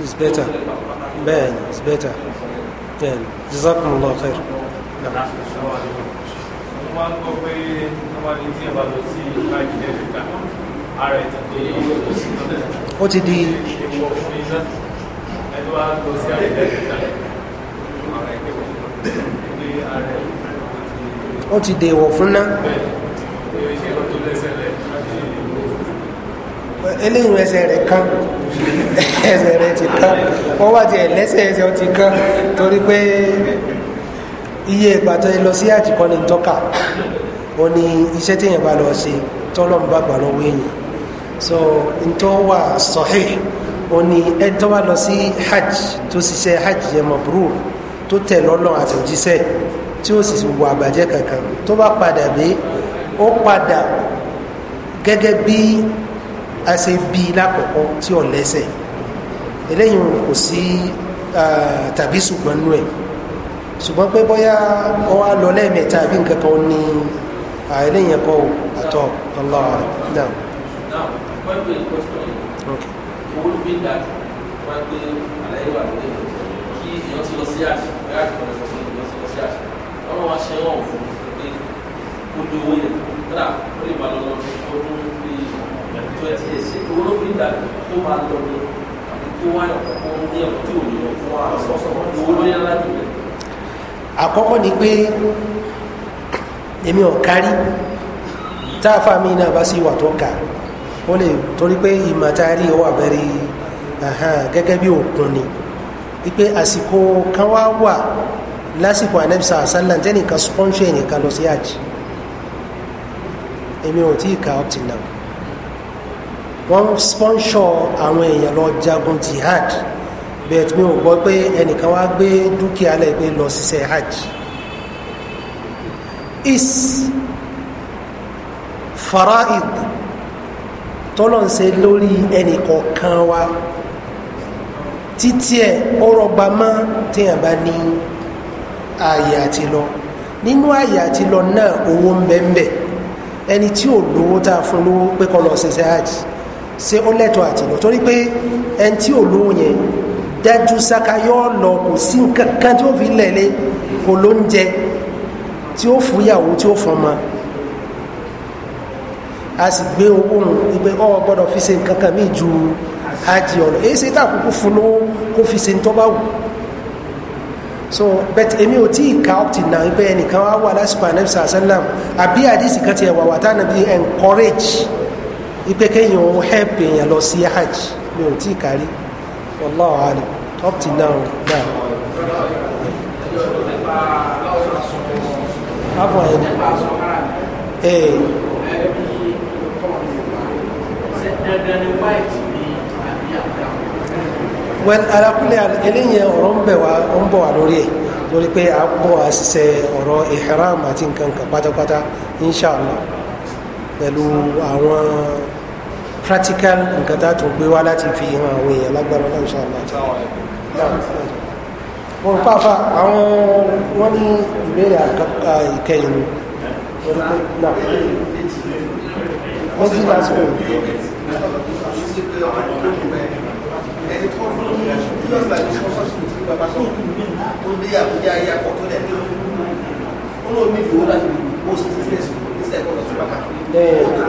It's better. Ben, it's better. Ben, Jazakumullah khair. Yeah máa ń gbọ́ pé normally tí ẹ bá lọ sí báyìí lẹ́yìn ara ẹ̀ ìwọ̀n sí lọ́dẹ̀. ó ti di. ìwọ̀ fún iná ẹni wá lọ sí àrẹ lẹ́yìn ó ti dè wọ̀ fún ẹsẹ̀ rẹ̀ kán ẹsẹ̀ rẹ̀ ti kán wọ́n wá ti ẹ̀ lẹ́sẹ̀ ẹsẹ̀ ti kán torí pé iye ìgbà tó lọ sí àtìkọ́ ni tọ́ka ó ní iṣẹ́ téèyàn bá lọ ṣe tọ́lọ́mù bá gbà lọ́wọ́ èèyàn so ntọ́ wà sahih ó ní ẹni tó bá lọ sí hajj tó ṣiṣẹ́ hajj yẹn mabrur tó tẹ̀ lọ́lọ́ àtòjíṣẹ́ tí ó sì wọ àbàjẹ́ kankan tó bá padà dé ó padà gẹ́gẹ́ bí a ṣe bí lákọ̀ọ́kọ́ tí ò lẹ́sẹ̀ eléyìí kò sí tàbí ṣùgbọ́n nú ẹ̀ ṣùgbọ́n pé bóyá ọ wá lọ lẹ́ẹ̀mẹ́ta àbí nǹkan kan ní àìlè yẹn kọ́ àtọ̀ ọlọ́wà náà. Now, one way question yẹn. Okay. Owó fi ń dà wọ́n gbé àlàyé wà lórí kí èèyàn ti lọ sí àṣì bóyá àti ọ̀rẹ́ sọ̀rọ̀ èèyàn ti lọ sí àṣì. Wọ́n wá ṣe wọ́n fún un pé ó ní àbí tó wáyọ̀ kọ̀ọ̀kan ní owó ló láti bẹ̀rẹ̀ àkọ́kọ́ ni pé èmi ò kárí tá a fàmì náà bá sí ìwà tó kà ó lè torí pé ìmọ̀ tá a rí wà bẹ́rẹ̀ gẹ́gẹ́ bí òkun ni wípé àsìkò kan wá wà lásìkò anabisa asalan tẹnìkan sponsor ẹnìkan lọ sí àjì èmi ò tí ì ka up wọ́n sponsor àwọn èèyàn lọ jagun jihad bẹ́ẹ̀ mi ò gbọ́ pé ẹnìkan wá gbé dúkìá lẹ̀ lọ ṣiṣẹ́ hajj is fara'id tọ́lọ̀ ń ṣe lórí ẹnìkọ̀ọ̀kan wa títí ẹ̀ ọ̀rọ̀ gba mọ́ téèyàn bá ní ààyè àti lọ nínú ààyè àti lọ náà owó ń bẹ ń bẹ ẹni tí ò lówó tá a fún lówó pé kọ́ lọ ṣiṣẹ́ hajj ṣé ó lẹ́tọ̀ọ́ àti torí pé ẹni tí ò lówó yẹn dájú saka yóò lọ kò sí nǹkan kan tí ó fi lẹ̀lẹ́ kò ló ń jẹ tí ó fúyàwó tí ó fọmọ a sì gbé owó òun ibẹ̀ ọ gbọ́dọ̀ fi ṣe nǹkan kan ju àjì ọ̀nà èyí ṣe tàkùkù fún lówó kó fi ṣe ń bá wù so bet èmi ò tí ì ka up till now ibẹ̀ ẹnìkan wá wà lásìkò anabi sàlám àbí àdìsí kan tiẹ̀ wà wà tá ànàbí encourage ipe kéèyàn help èèyàn lọ sí hajj mi ò tí ì kárí. Wallahu alim up till now ọ̀rọ̀ ń bẹ̀ wá ń bọ̀ wá lórí ẹ̀ lórí pé a bọ̀ wá ṣiṣẹ́ ọ̀rọ̀ àti nǹkan kan pátápátá pẹ̀lú àwọn. practical nǹkan tá a tún gbé wá láti fi hàn àwọn èèyàn lágbára náà ṣe àná àti wọn rò pàfà àwọn wọn ní ìbéèrè ìkẹyìn náà méjì lásìkò ẹni tó fún mi yóò gbà ní sọ́sọ́sì tí bàbá sọ tó bí àbújá ayé akọ́tọ́ rẹ̀ tó fún mi ó lóun ní ìfowópamọ́ post business ní sẹ́kọ̀ọ́ lọ́sọ̀rọ̀ kan ó kà á.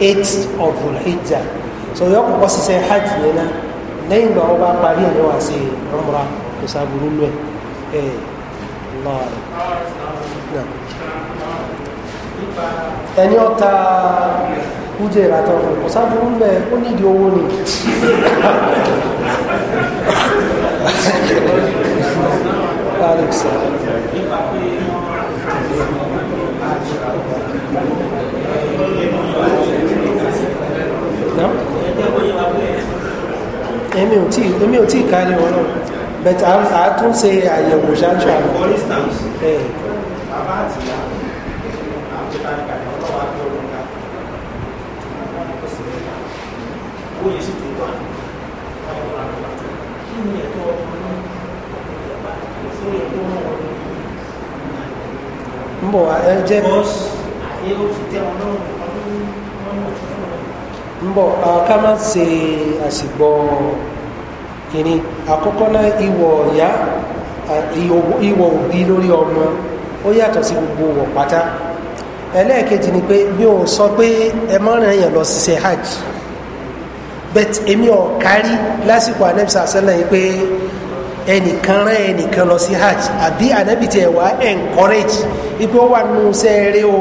eighth of Dhul-Hijjah so yọ kọ́kọ́ ṣiṣẹ́ hajj yẹn náà lẹ́yìn ìgbà wọn bá parí ẹ̀ lọ́wọ́ àṣẹ ọmọra kò sábúrú lọ ẹ̀ ẹ̀ lọ́ọ̀rẹ́. ẹni ọ̀ta kújẹ́ ìràtọ̀ kò sábúrú lọ ẹ̀ ó nídìí owó ni. Alex. èmi ò tí èmi ò tí kárí wọn náà but a tún ṣe àyẹ̀wò ṣáájú àwọn. for instance bàbá àti ìyá àwọn tó kárí kárí wọn náà wà ní ọdún ká ó sì lè kó yẹ sí tó wà kí ni ẹ̀tọ́ ọkùnrin ìjọba sí ẹ̀tọ́ ọkùnrin. ń bọ̀ ẹ jẹ́. because àyè ó ti tẹ́ wọn lọ́rùn. nbọ ká se ṣe kini, kìíní na náà ya, ìyá obi lori lórí ọmọ ó yàtọ̀ sí gbogbo wọ̀ pátá ẹlẹ́ẹ̀kejì ni pé mi ò sọ pé ẹ má rìn èèyàn lọ sise hajj bẹt èmi ọ kárí lásìkò anẹ́bísà sẹ́lẹ̀ yìí pé ẹnìkan rán ẹnìkan lọ sí hajj àbí anẹ́bí tiẹ̀ wá encourage ipe ó wà nù sẹ́ẹ̀rẹ́ o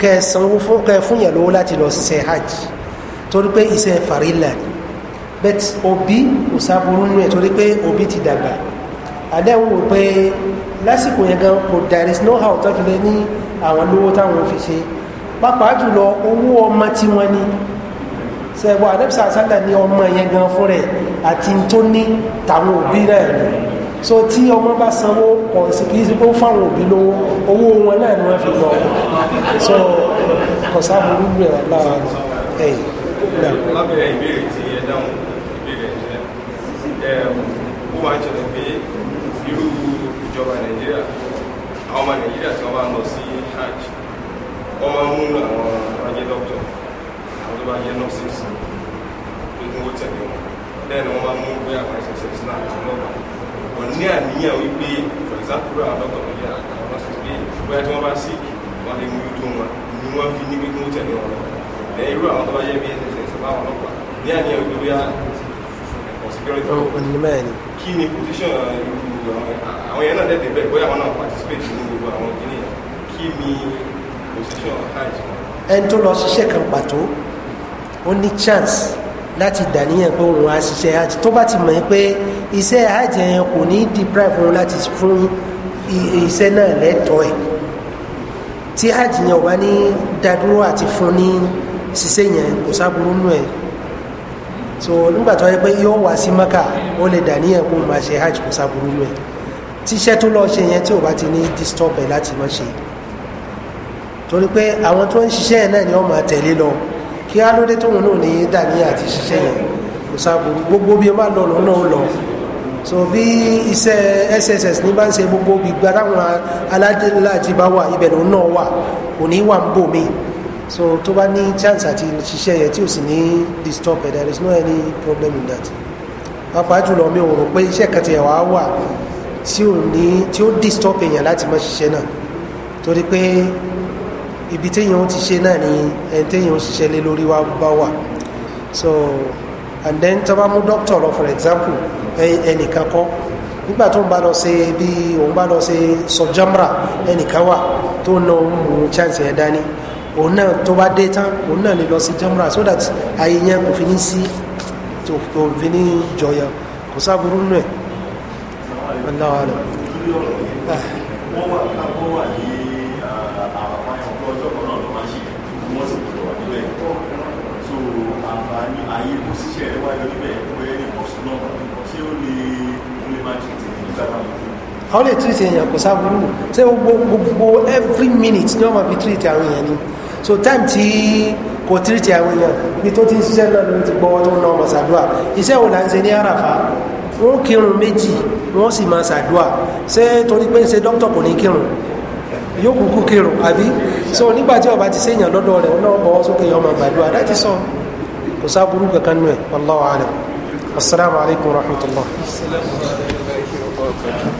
kẹsàn-án fún yàn lówó láti lọ ṣiṣẹ́ hajj. torí pé iṣẹ́ farilla ni Obi, òbí kò sáburú nínú ẹ̀ torí pé òbí ti dàgbà àdéhùn wò pé lásìkò yẹn gan kò there is no how tó fi lé ní àwọn lówó táwọn fi ṣe pàápàá jùlọ owó ọmọ tí wọ́n ní sẹ́gbọ́ àdébísà sálà ní ọmọ yẹn gan fún rẹ̀ àti tó ní tàwọn òbí náà ni so tí ọmọ bá sanwó kọ̀ sí kì í sí pé ó fáwọn òbí lówó owó wọn náà ni wọ́n fi lọ so kọ̀sáàbù rúgbìn aláwa ẹ̀yìn lábẹ́ ìbéèrè tí ẹ dáhùn ìbéèrè ẹ̀ ó máa ń ṣẹlẹ̀ pé irú ìjọba nàìjíríà àwọn ọmọ nàìjíríà tí wọ́n bá ń lọ sí hajj wọ́n máa ń mú àwọn ajé dọ́kítọ̀ àwọn wọn ni wọ́n máa ń mú bóyá àwọn ẹ̀sẹ̀ sí náà àwọn ọlọ́pàá wọ́n ní àníyàn wípé for example àwọn dọ́kítọ̀ wọ́n yẹ àwọn nọ́ọ̀sìs bá sick wọ́n lè àwọn ọlọ́pàá ní àní ẹ̀rọ bóyá for security. òní mẹ́rin ni. kí ni position àwọn yẹn náà dẹ́dẹ̀ bẹ́ẹ̀ bóyá àwọn náà participate ní gbogbo àwọn kìíní yẹn kí ni position high. ẹni lọ ṣiṣẹ́ kan pàtó ó ní chance láti dàníyàn pé òun á ṣiṣẹ́ hajj tó bá ti mọ̀ ẹ́ pé iṣẹ́ hajj yẹn kò ní deprive òun láti fún iṣẹ́ náà lẹ́tọ̀ọ́ ẹ̀ tí hajj yẹn ò bá ní dádúró àti fún ní ṣiṣẹ́ yẹn kò sábúrú nù ẹ̀ so nígbà tó yẹ pé yóò wá sí maka ó lè dà níyẹn kó máa ṣe hajj kò sábúrú nù ẹ̀ tíṣẹ́ tó lọ ṣe yẹn tí ò bá ti ní disturb ẹ̀ láti má ṣe torí pé àwọn tó ń ṣiṣẹ́ yẹn náà ni wọ́n máa tẹ̀lé lọ kí á lóde tóun náà ní dà níyẹn àti ṣiṣẹ́ yẹn kò sábúrú gbogbo bí ẹ má lọ lòun náà lọ so bí iṣẹ́ sss ní bá ń ṣe gbogbo gbígbà táwọn aládìláàjì bá wà ibẹ̀ lòun náà wà kò ní wà ń bò míì so tó bá ní chance àti ṣiṣẹ́ yẹn tí ò sì ní disturb ẹ̀ there is no any problem in that pàápàá jùlọ mi ò rò pé iṣẹ́ kan ti ẹ̀wà wà tí ò ní tí ó disturb èèyàn láti má ṣiṣẹ́ náà torí pé ibi téèyàn ó ti ṣe náà ni ẹni téèyàn ó ṣiṣẹ́ lé lórí wa bá wà so and then tó bá mú doctor lọ for example ẹnìkan kọ́ nígbà tó ń bá lọ ṣe bí òun bá lọ ṣe sọjọmra ẹnìkan wà tó ń lọ mú chance yẹn dání òun náà tó bá dé tán òun náà lè lọ sí jamra so that ayé yẹn kò fi ní sí kò fi ní jọyọ kò sáburú nù ẹ aláwa rẹ. Ah. wọ́n wà ká wọ́n wà ní àràpá ah, ẹ̀kọ́ ọjọ́ kan náà ló máa ń ṣe wọ́n sì gbọ́dọ̀ wà níbẹ̀ so àǹfààní ayé kò síṣẹ́ rẹ̀ wáyé níbẹ̀ pé ní kọ̀sùn náà ṣé ó lè ó lè máa tètè nígbà náà àwọn lè tírìtì èèyàn kò sáburú ṣé gbogbo every minute ni wọ́n máa fi tírìtì àwọn èèyàn ni so time tí kò tírìtì àwọn èèyàn bí tó ti ń ṣiṣẹ́ náà ló ti gbọ́wọ́ tó ń lọ mọ̀sàdúà iṣẹ́ wo là ń ṣe ní àràfà wọ́n kírun méjì wọ́n sì máa ṣàdúà ṣé torí pé ń ṣe dókítà kò ní kírun yóò kúkú kírun àbí so nígbà tí ọba ti ṣèyàn lọ́dọ̀ rẹ̀ wọn náà bọ̀wọ́ sókè yọ ọmọ gbàdúrà láti sọ kò sá burú kankan nù ẹ̀ wallahu alam assalamu alaikum warahmatullah.